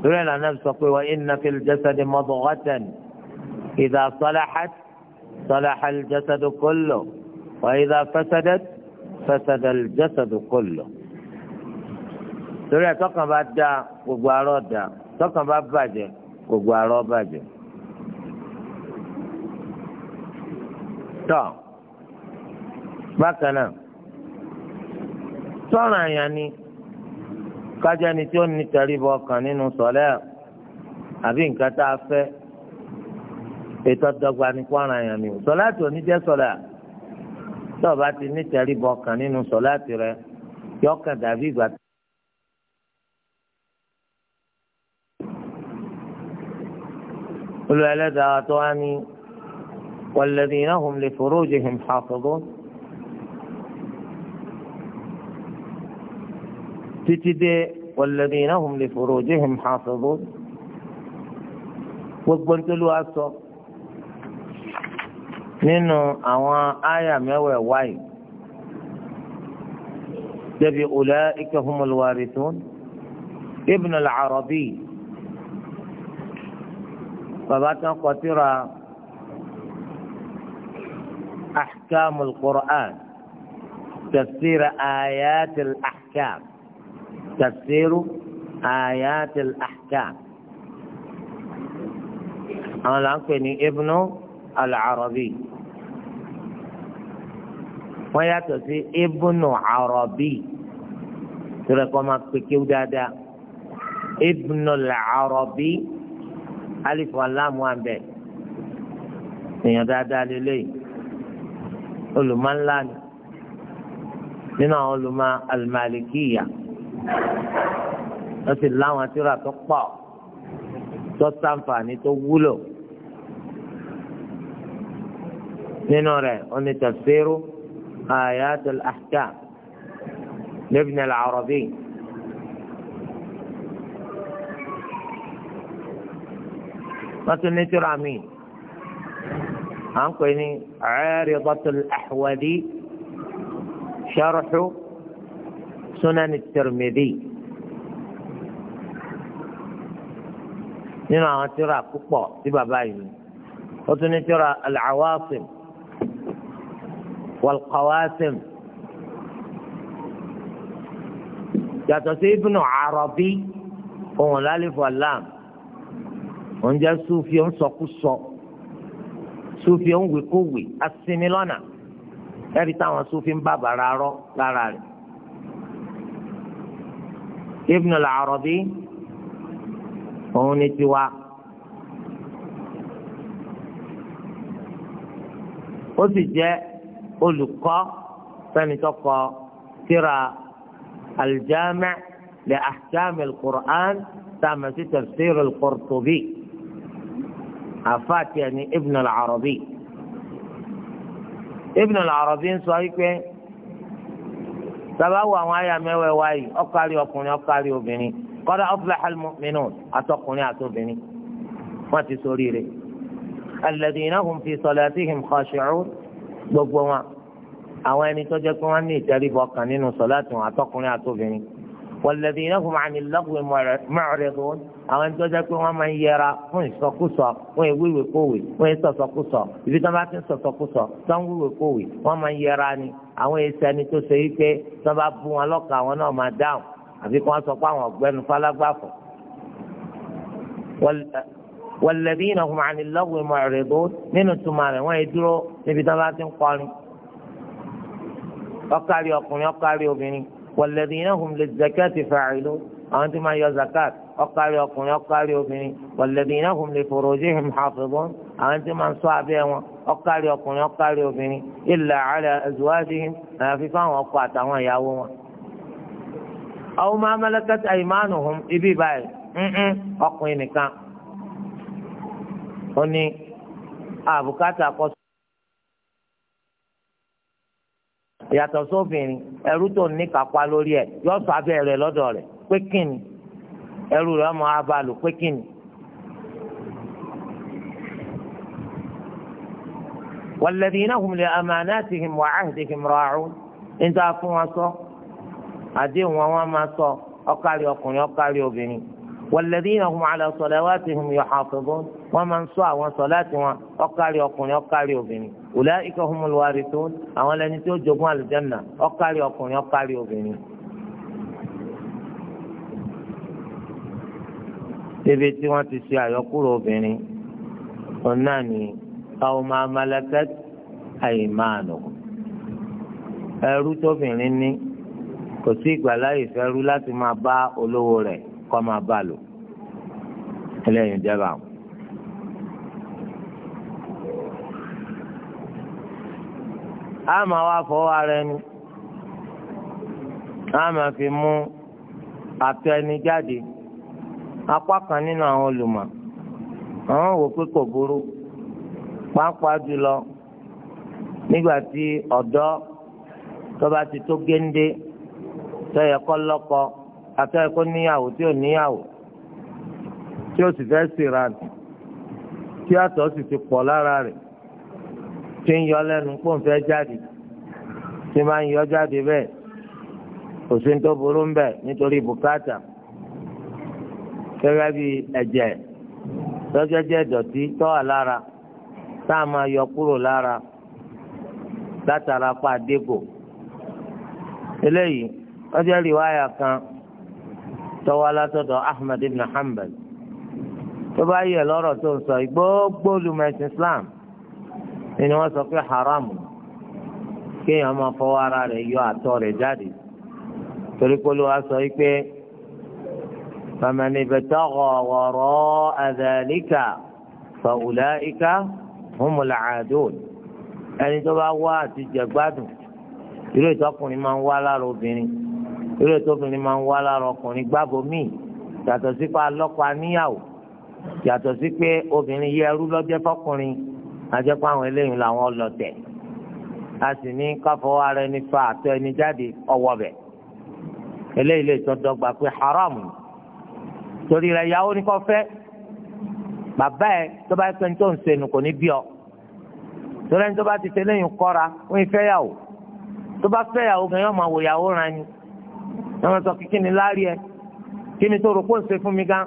lórí ẹ̀la náà sọ pé wa inna fil jasadi mudghatan idha salahat salaha al jasadu kullu wa idha fasadat fasada al jasadu kullu. lórí ẹ̀ tọkàn bá dá gbogbo arọ́ dá tọkàn bá bàjẹ́ gbogbo arọ́ bàjẹ́. tọ́ bákan náà. sọ̀rọ̀ àyàn ni kájà ni tí ó ní tẹríba ọkàn nínú sọ̀lẹ́ àbí nǹkan tá a fẹ́ ètò ọ̀dọ́gba ní kwara yẹn ni sọ̀láàtì ò ní jẹ́ sọ̀lá tó o bá ti ní tẹríba ọkàn nínú sọ̀láàtì rẹ yọ ọkàn dàbí ìgbà tó. olùwẹ̀lẹ́dàá tó wá ní wàlẹ́dìnnà hùm lè fòrò jẹ́ hìm تتدي والذين هم لفروجهم حافظون وقبلت الواسو نينو أوا آية ميوي واي تبي أولئك هم الوارثون ابن العربي فبات قطرة أحكام القرآن تفسير آيات الأحكام tafsiru ayatul ahkam àwọn là ń pè ní ibnu al-arabi wọ́n yàtọ̀ sí ibnu arabi tó rẹ̀ kọ́ máa pè kéwú dáadáa ibnu al-arabi alifu alamu abẹ èèyàn dáadáa lélẹ́yìn olùmọ̀ nínú àwọn olùmọ̀ al-malikiya. al malikiya wọ́n ti láwọn tíra tó pọ̀ tó sàǹfààní tó wúlò nínú rẹ̀ oní tafsiru ayatul ahkam libni al-arabi. wọ́n tún ní tura mi, à ń pè ní aridatul ahwadi sharhu. sunan Tirmidhi nínú àwọn tíra púpọ̀ tí bàbá yìí ó tún ní tíra al-Awasim wal-Qawasim yàtọ̀ sí Ibnu Arabi ohun lálẹ́fọ̀ alam òun jẹ́ sufi òun sọkúsọ sufi òun wíkúwì asinilọ́nà ẹ̀rí táwọn sufi ń bá bàrà rọ́ lára rẹ̀. Ibn al-Arabi òun ni tiwa. ó sì jẹ́ olùkọ́ sani tọkọ tírà al-Jami' li ahkam al-Qur'an tàmásí tafsir al-Qurtubi ẹni Ibn al-Arabi Ibn al-Arabi ń sọ yìí sábà wo àwọn àyà mẹ́wẹ̀ẹ́ wáyé ọ̀kárí ọkùnrin ọ̀kárí obìnrin kọ́dà aflahal mu'minun àtọkùnrin àtobìnrin wọ́n ti sórí rẹ̀. alladhina hum fi salatihim khashi'un gbogbo wọn àwọn ẹni tó jẹ́ pé wọ́n ní ìtẹríbọ kan nínú sọ̀láàtì wọn àtọkùnrin àtobìnrin. walladhina hum 'anil lagwi mu'ridun àwọn ẹni tó jẹ́ pé wọ́n máa ń yẹra fún ìsọkúsọ wọ́n ìwéwèé kówèé wọ́n ìsọsọkúsọ ibi tó bá ti ń sọsọkúsọ tó ń wéwèé kówèé wọ́n máa ń yẹra ni àwọn ẹsẹ̀ ni tó ṣe wípé tó bá bú wọn lọ́kàn àwọn náà máa dáhùn àfi kí wọ́n sọ pé àwọn ọ̀gbẹ́ni falágbàfọ̀. والذين هم عن اللغو معرضون nínú túmọ̀ rẹ̀ wọ́n dúró níbi tí wọ́n bá ti ń kọrin ọkàrí ọkùnrin ọkàrí obìnrin walladhina hum li furujihim hafizun àwọn tí máa ń ṣọ́ abẹ́ wọn ọkàrí ọkùnrin ọkàrí obìnrin illa ala azwajihim àyàfi fáwọn ọkọ àtàwọn ìyàwó wọn. aw ma malakat aymanuhum ibi báyìí ọkùnrin nìkan ó ní àbùkátà kọ́ yàtọ̀ sófin ẹrú tó ní kápá lórí ẹ̀ yọ ẹrú rẹ̀ ọmọ abalò pé kíni. والذين هم لأماناتهم وعهدهم راعون انت أكون أصو أدين وما أصو أقالي أكون أقالي أبني والذين هم على صلواتهم يحافظون ومن صاع وصلاتهم أقالي أكون أقالي أبني أولئك هم الوارثون أولا نتوجبوا الجنة أقالي أكون أقالي أبني ibi tí wọ́n ti ṣe àyọkúrò obìnrin òun náà ni àwọn ọmọ amalakat àìmáàlú ẹrú tóbìnrin ní kò sí ìgbàláyè fẹ́rú láti máa bá olówó rẹ̀ kọ́ máa bá lò ẹlẹ́yìn jẹba. a máa wá fọwọ́ ara ẹni a máa fi mú atọ jáde. apá kan nínú àwọn olùmọ̀ àwọn wò pé kò burú pàápàá jùlọ nígbà tí ọ̀dọ́ tó bá ti tó géńdé tó yẹ kó lọ́kọ àtọ́yẹ kó níyàwó tí ò níyàwó tí ó sì fẹ́ síra tí àtọ̀ sì ti pọ̀ lára rẹ̀ tí ń yọ lẹ́nu gẹ́gẹ́ bí ẹ̀jẹ̀ tọ́jọ́jẹ́ ìdọ̀tí tó wà lára tá a máa yọ kúrò lára látara pa dégò eléyìí kan tọ́wọ́ látọ̀dọ̀ ibn Hanbal tó bá yẹ lọ́rọ̀ tó ń sọ gbogbo Islam ni sọ pé haram kéèyàn máa fọwọ́ ara rẹ̀ yọ àtọ̀ rẹ̀ jáde sọ فمن ابتغى وراء ذلك فأولئك هم العادون ẹni tó bá wá àti jẹgbádùn irú ètò ọkùnrin máa ń wá lára obìnrin irú ètò obìnrin máa ń wá lára ọkùnrin gbábo míì yàtọ̀ sí pé alọ́pàá níyàwó yàtọ̀ sí pé obìnrin yẹ ẹrú lọ́jẹ́ fọkùnrin àjẹpọ̀ àwọn eléyìí làwọn ọlọ́tẹ̀ a sì ní káfọwọ́ ara ẹni fa àtọ̀ ẹni jáde ọwọ́ bẹ̀ eléyìí lè tọ́ dọ́gba pé haram ni torí rẹ̀ ìyàwó ni kò fẹ́ bàbá ẹ tó bá pẹ́ ní tó ń senu kò ní bí ọ torí ẹni tó bá ti tẹ́lẹ̀ yìí kọ́ra wọ́n fẹ́ yàwó tó bá fẹ́ yàwó gan yóò máa wò yàwó ra ni wọ́n sọ kíkí ni láàrí ẹ kí ni tó rò kó ń ṣe fún mi gan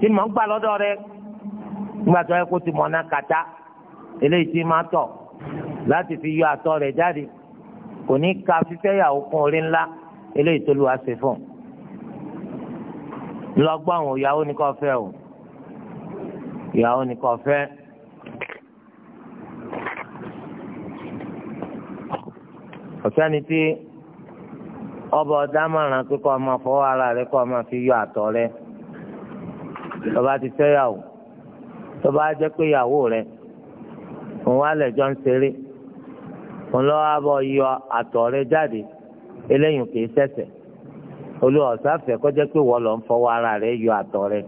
kí ni mò ń gbà lọ́dọ̀ rẹ nígbà tó yẹ kó ti mọ̀ náà kàtá eléyìí tí máa tọ̀ láti fi yọ àtọ̀ rẹ̀ jáde kò ní ka fífẹ́ yàwó kún orí ńlá eléyìí tó lù wá fún un. ńlọgbọ́n àwọn ìyàwó ni kò fẹ́ o ìyàwó ni kò fẹ́. ọ̀sẹ́ni tí ọba ọ̀dá márùn-ún pé kọ́ ọmọ fọwọ́ ara rẹ kọ́ ọmọ fi yọ àtọ̀ rẹ tọba ti fẹ́yàwó tọba jẹ́ pé ìyàwó rẹ òun àlẹ́jọ́ ń ṣeré òun lọ́wọ́ abọ́ yọ àtọ̀ rẹ jáde eléyìí kì í ṣẹ̀ṣẹ̀. olùwà ọ̀sáfẹ́ kọjá pé wọ́n lọ ń fọwọ́ ara rẹ̀ yọ àtọ̀ rẹ̀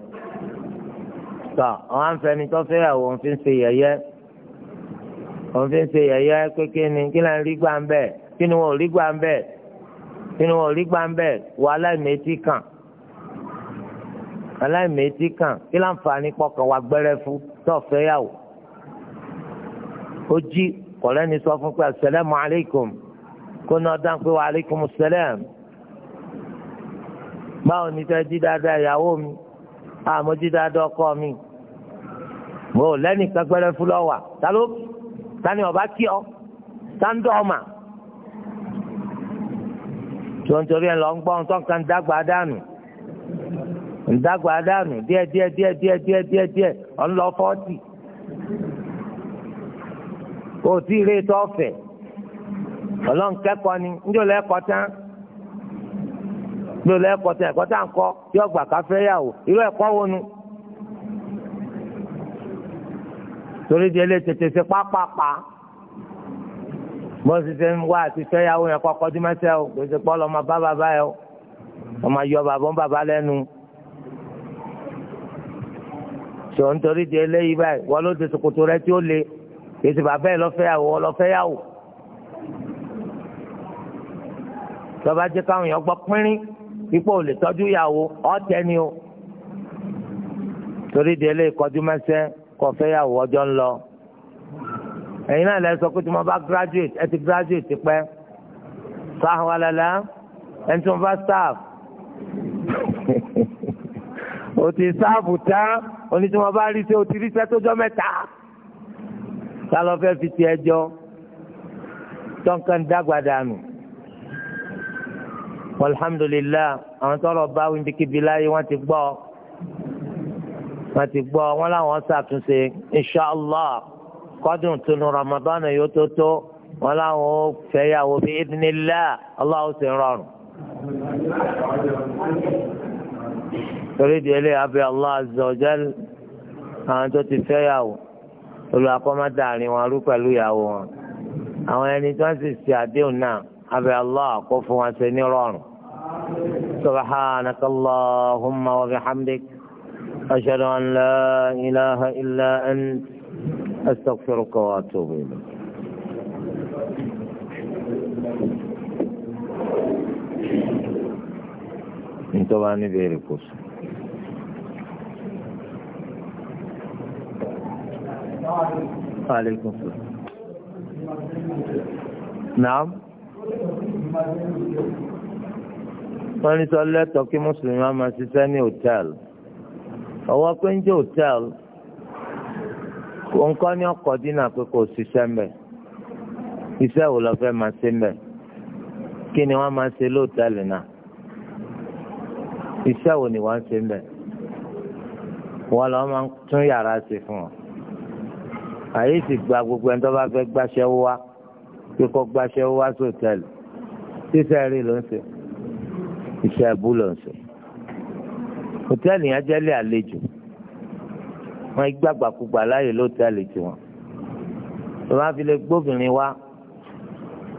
tọ́ àwọn afẹ́ni tó fẹ́ yàwó òun fi ń ṣe yẹ̀yẹ́ òun fi ń ṣe yẹ̀yẹ́ pé kí ni kí lóun rí gbà ń bẹ̀ kí ni wọn ò rí gbà ń bẹ̀ kí ni wọn ò rí gbà ń bẹ̀ wọ aláìmẹtì kàn aláìmẹtì kàn kí láǹfààní pọkàn wà gbẹ́rẹ́ fún tó fẹ́ yàwó ó kọ̀lẹ́ni sọ fún pé asalaamualeykum kó náà dáhùn pé wa aleykum salaam. báwo ni fẹ́ jí dáadáa ìyàwó mi àmọ́ jí dáadáa ọkọ mi mo lẹ́nu pẹ́pẹ́rẹ́ fún lọ́wà ta ló ta ni ọ ta ń dọ̀ ọ tó ń ẹ lọ ń gbọ́ ohun tó ń kan dànù ń dànù ọ̀ ń lọ fọ́ọ̀tì kò tí ì rí ni ń lẹ́kọ̀ọ́ tán. ló lọ ẹ̀kọ́ tẹ ẹ̀kọ́ tá à ń kọ́ yọ gbà ká fẹ́ yà wò irú ẹ̀kọ́ wo nu. torí di ẹlẹ́ tètè ṣe pápápá bó ṣiṣẹ́ ń wá àti fẹ́yàwó yẹn kọ́kọ́ dí mẹ́sẹ̀ o kò ṣe pọ́ lọ́mọ bá bàbá yẹ o ọmọ yọ bàbá ń bàbá lẹ́nu. sọ nítorí di eléyìí báyìí wọ́n ló ti ṣòkòtò rẹ tí ó le èsì bàbá yẹn lọ́fẹ́yàwó ọlọ́fẹ́yàwó. tọ́ba jẹ́ káwọn èèyàn gbọ́ pínrín ipò olè tọ́jú ìyàwó ọ̀tẹ̀ ni o torí di ẹlẹ́yìí kọjú mẹ́sẹ́ kọ fẹ́ yàwó ọjọ́ ń lọ ẹ̀yin náà lẹ sọ pé tí mo bá graduate ẹ ti graduate ti pẹ́ sáhùn alẹ́lẹ́ ẹni tí mo bá staff o ti sáàbù tán oní tí mo bá rí sẹ́ o ti rí sẹ́ tó jọ mẹ́ta tá fẹ́ fi ti ẹjọ́ tọ́ǹkan dàgbà dànù alhamdulilayi àwọn tọrọ bá wíńdíkìbí láyé wọ́n ti gbọ́ wọ́n ti gbọ́ wọ́n làwọn ṣàtúnṣe inshàlá kọ́dún tunu ramadan yóò tó tó wọ́n làwọn ò fẹ́yàwó bí idinilá aláwo sì ń rọrùn. torí di ilé abẹ́ allah azọ́jẹ́l àwọn tó ti fẹ́yàwó olùwàkọ́mọ́dàrin wọn rú pẹ̀lú ìyàwó wọn àwọn ẹni tó ń sì ṣe àdéhùn náà abẹ́ allah kó fún wọn ṣe ní rọrùn. سبحانك اللهم وبحمدك أشهد أن لا إله إلا أنت أستغفرك وأتوب إليك انتوا واني نبيري عليكم السلام نعم wọ́n ní sọ lẹ́tọ̀ọ́ kí mùsùlùmí á máa ṣiṣẹ́ ní hòtẹ́ẹ̀lì ọwọ́ pé ń jẹ́ hòtẹ́ẹ̀lì nǹkan ní ọkọ̀ dínà pé kò ṣiṣẹ́ mbẹ̀ iṣẹ́ wo lọ fẹ́ máa ṣe mbẹ̀ kí ni wọ́n máa ṣe lóòtẹ́ẹ̀lì náà iṣẹ́ wo ni wọ́n ṣe mbẹ̀ wọ́n lọ́ máa tún yàrá ṣe fún ọ àyè sì gba gbogbo ẹni tó bá fẹ́ gbàṣẹ́ wá kíkọ́ gbàṣẹ́ wá sóòtẹ́ẹ̀lì ṣíṣẹ́ rí ló ń ṣe iṣẹ́ abúlọ̀nsì hòtẹ́ẹ̀lì yẹn jẹ́lé àlejò wọ́n gbàgbàkúgbà láàyè lóòtẹ́ẹ̀lì tiwọn tó bá fi lè gbóbìnrin wá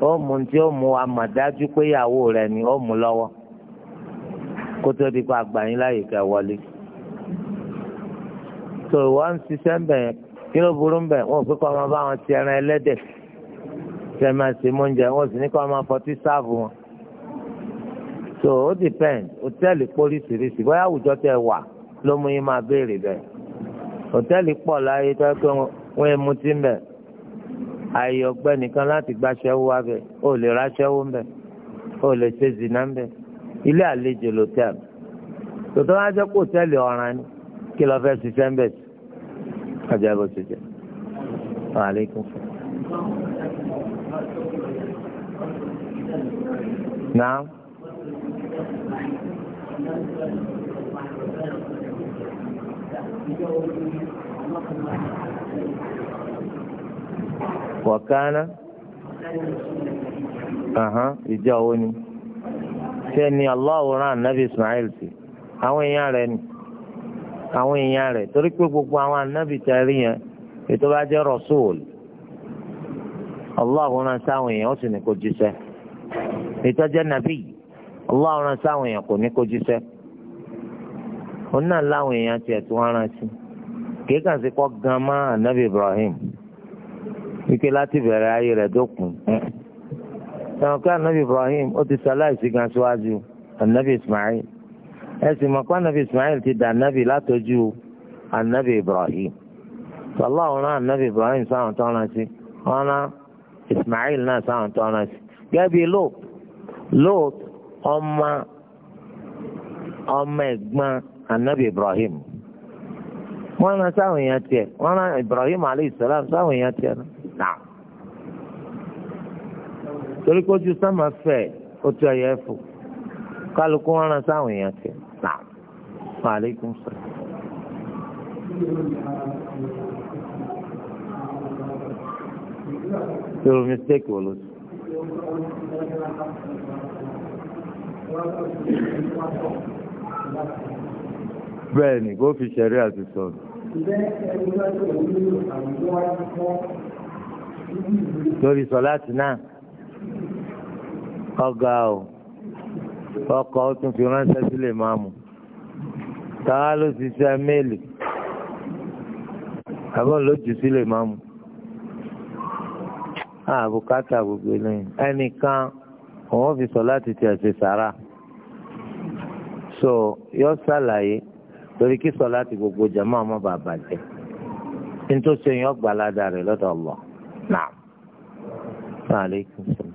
ó mú tí ó mú amàdájú pé ìyàwó rẹ̀ ni ó mú lọ́wọ́ kó tó di pa àgbà yín láàyè kẹ́ wọlé tó wọ́n ń ṣiṣẹ́ ń bẹ̀ yẹn kí ló burú ń bẹ̀ wọ́n ò pé kọ́ ọmọ bá wọn ti ẹran ẹlẹ́dẹ̀ tẹ́ máa ṣe mọ́ oúnjẹ wọ́n sì ní kọ́ ọmọ afọtí sáàbù wọn so ó depend hòtẹ́ẹ̀lì póríṣiríṣi bóyá àwùjọ tẹ wà ló mú yín máa béèrè bẹ́ẹ̀ hòtẹ́ẹ̀lì pọ̀ láyé tó pé wọ́n ń mutí ń bẹ̀ ààyè ọgbẹ́ nìkan láti gba aṣẹ́wó wá bẹ̀ ó lè ra aṣẹ́wó ń bẹ̀ ó lè ṣe zìnnà ń bẹ̀ ilé àlejò lòtẹ́ẹ̀lì tòtọ́ wá jẹ́ kó hòtẹ́ẹ̀lì ọ̀ràn ni kí lọ́ọ́ fẹ́ ṣiṣẹ́ ń bẹ̀ sí ọjà bó ti jẹ́ wàhálẹ́kùn. Now. wọ̀kánná ìjọ wo ni ṣé ni Allahu anabi Ismail sí àwọn èèyàn gbogbo àwọn anabi rí yẹn ètò bá jẹ́ sáwọn èèyàn ó sì ní Allah rán sáwọn èèyàn kò ní kó jíṣẹ́ òun náà láwọn èèyàn tiẹ̀ tí wọ́n rán sí kì í kàn sí kọ́ gan mọ́ anabi Ibrahim wípé láti bẹ̀rẹ̀ ayé rẹ̀ dókun ẹ̀wọ̀n kí anabi Ibrahim ó ti ṣaláìsí gan síwájú anabi Ismail ẹ sì mọ̀ pé anabi Ismail ti dà anabi látọjú anabi Ibrahim sọlá ọ̀ràn anabi Ibrahim sáwọn tó rán sí ọ̀ràn Ismail náà sáwọn tó rán gẹ́bí lóòt lóòt ọmọ ọmọ ẹ̀gbọ́n anabi ibrahim wọ́n rán sáwọn èèyàn tiẹ̀ wọ́n rán ibrahim aleyhisselam sáwọn èèyàn tiẹ̀ náà torí kó ju sáma fẹ́ o tó ẹyẹ fò kálukú wọ́n rán sáwọn èèyàn tiẹ̀ náà maaleykum salaam. Your mistake, Wallace. bẹ́ẹ̀ ni kó fi ṣẹ̀rí àti sọ̀rọ̀. torí sọ láti náà ọgá o ọkọ̀ ó tún fi ránṣẹ́ sílẹ̀ máa mú táwa ló ti ṣe méèlì àbọ̀ ló jù sílẹ̀ máa mú àbùkátà gbogbo eléyìí ẹnìkan. òun fi sọ láti tiẹ̀ ṣe sàrà so yọ ṣàlàyé torí kí sọ láti gbogbo jàmáà ọmọ bàbà jẹ nítòsí yọ gbàládà rẹ lọ́dọ̀ Allah náà maaleykum salaam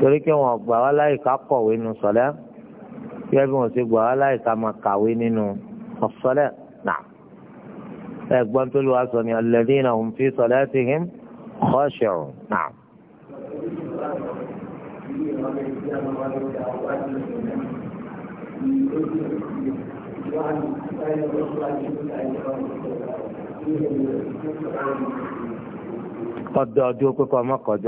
torí kí wọn gbà wá láyè ká kọ̀wé nu sọlẹ́ kí ẹbí wọn ṣe gbà wá láyè ká máa kàwé nínú ọ̀sọ́lẹ̀ náà ẹ̀gbọ́n tó lù wá sọ ni alladhina hum fi salatihim khashi'un náà. ومن الإسلام ومن الدعوات وعن آل قد أدعو كفا ما قد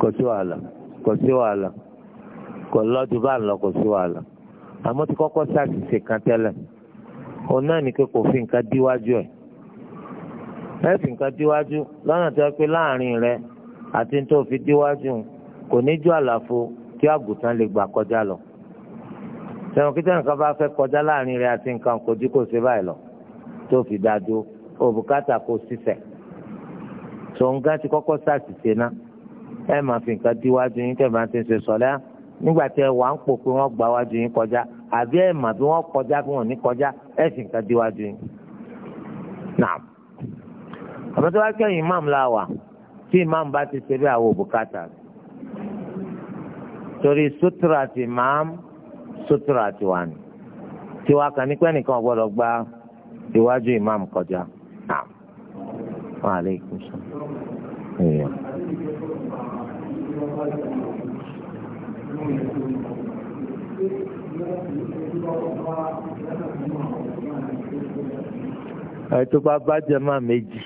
kò sí wàhálà kò sí wàhálà kò lọ́dún bá ń lọ kò sí wàhálà àmọ́ ti kọ́kọ́ ṣàṣìṣe kan tẹ́lẹ̀ òun náà ní pé kò fi nǹkan díwájú ẹ̀ ẹ̀sì nǹkan díwájú lọ́nà tó pé láàrin rẹ àti tó fi díwájú kò ní ju àlàfo tí àgùntàn lè gbà kọjá lọ. sẹ̀wọ̀n kí tẹ̀wọ̀n kan bá fẹ́ kọjá láàrin rẹ àti nǹkan kò jí kò sí báyìí lọ tó fi dá dúró òbúkátà kò sísẹ̀. sọ̀ǹgá ti kọ́kọ́ sàṣìṣe ná ẹ máa fi nǹkan díwájú yín ṣe nígbà tí ẹ wà ń pò pé wọ́n gbà wájú yín kọjá àbí bí wọ́n kọjá bí wọ́n ní kọjá fi nǹkan díwájú yín. àmọ́ tó kẹ́yìn imam la wà tí imam bá ti ṣe bí àwọn òbúkátà torí sutura ti imam sutura ti wà ní tiwa kan ní pẹ́ẹ́nìkan gbọ́dọ̀ gba iwájú imam kọjá náà wà lẹ́yìn sọ. ẹ̀ tó bá bá jẹ́ máa méjì.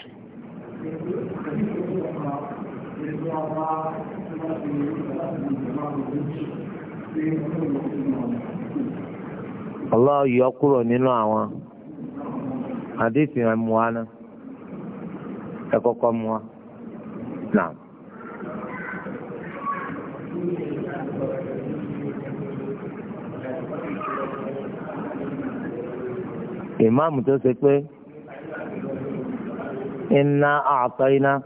Allah yọ kúrò nínú àwọn àdéhùn ẹ̀ mú wa náà ẹ kọ́kọ́ mú wa náà. pé. inna a'tayna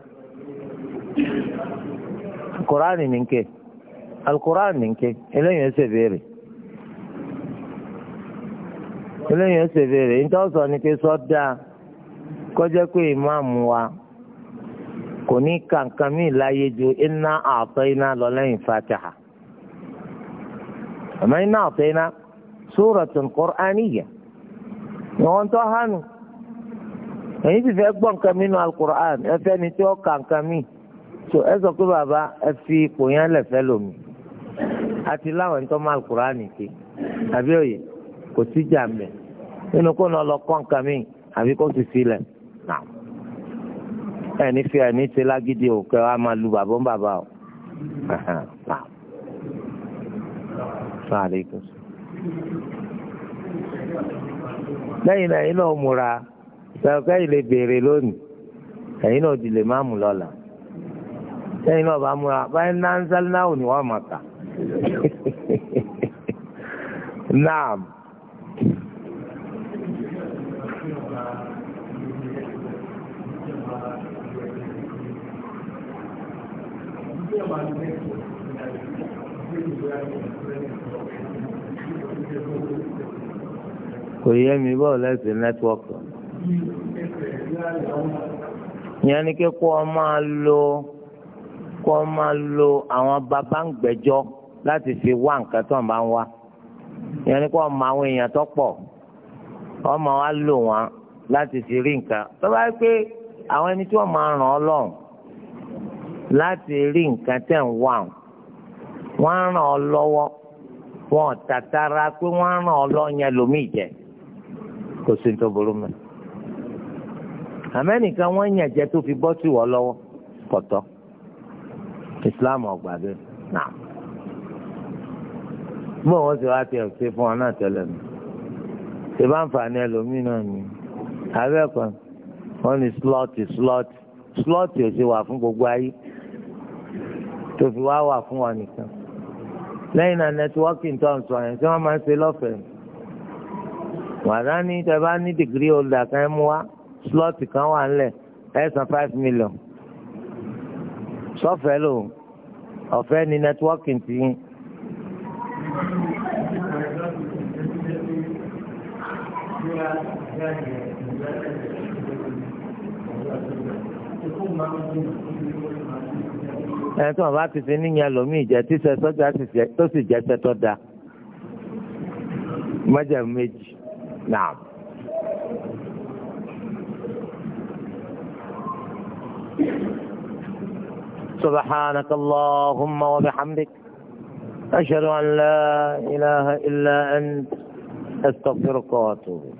kuraani ninke alukuraani ninke eléyìí ẹsẹ béèrè eléyìí ẹsẹ béèrè nítorí sọ ni pé sọ dáa kọjá pé ìmáàmù wa kò ní kankan mí láyé ju inna a'tayna lọ lẹ́yìn fatiha àmọ́ inna a'tayna sóòrọ̀tún kọ́ránìyà ni wọ́n tọ́ hánu. ẹ̀yin sì fẹ́ gbọ́ nǹkan mi nínú alukur'an ẹ fẹ́ ni tí ó kà nǹkan mi so ẹ sọ pé bàbá ẹ fi ipò yẹn lẹ̀fẹ́ lomi àti láwọn ẹ̀ńtọ́ mọ alukur'an ké àbí òye kò sí jà mẹ́ nínú kó nà lọ kọ́ nǹkan mi àbí kó sì sílẹ̀ náà ẹni fi ẹni ṣe lágídí o kẹ wa máa lu bàbá ń bàbá o. lẹ́yìn náà yín náà sọ̀rọ̀kẹ́ yìí lè béèrè lónìí ẹ̀yin náà ti lè má mú lọ́la ẹ̀yin náà bá múra báyìí nánsálí náà ò ní wọ́n máa kà náà. kò yẹ mi bọ́ọ̀lù ẹ̀sìn nẹ́tíwọ́kì. yẹn ni kí kó o máa lo kó o máa lo àwọn bàbá láti fi wá nǹkan tó ń bá ń wá ni kó o máa àwọn èèyàn tó pọ̀ o máa fi rí nǹkan tó bá pé àwọn ẹni tí wọ́n máa ràn ọ́ láti rí nǹkan tẹ̀ ń wọ́n wọn tàtàrà pé wọ́n á ràn ọ́ lọ́yẹn lómi ìjẹ́ kò sí àmẹ́nìkan wọ́n yàn jẹ tó fi bọ́ sí wọ́ lọ́wọ́ kọ̀tọ́ islam ọgbà bẹ́ẹ̀ nà mọ wọn sì wá tiẹ̀ ṣe fún ọ náà tẹ́lẹ̀ mi ṣe bá ń fà ní ẹlòmíín náà ni abẹ́ kan wọ́n ní slọ́ọ̀tì slọ́ọ̀tì slọ́ọ̀tì ò ṣe wà fún gbogbo ayé tó fi wá wà fún ọ nìkan lẹ́yìn náà nẹ́tíwọ́kì tó ń sọ yẹn tí wọ́n máa ń ṣe lọ́fẹ̀ẹ́ wàdá tẹ bá ní dìgírí olùdàkẹ́ mú wa slot kan wà ńlẹ̀ ẹ san five million sọ́fẹ̀ẹ́ lò ọ̀fẹ́ ni nẹ́tíwọ́kì ti yín. ẹni tí wọn bá ti fi níyàn lómi ìjẹ tíṣẹ sọjà tó sì jẹsẹ tó da mọjà méjì náà. سبحانك اللهم وبحمدك أشهد أن لا إله إلا أنت أستغفرك وأتوب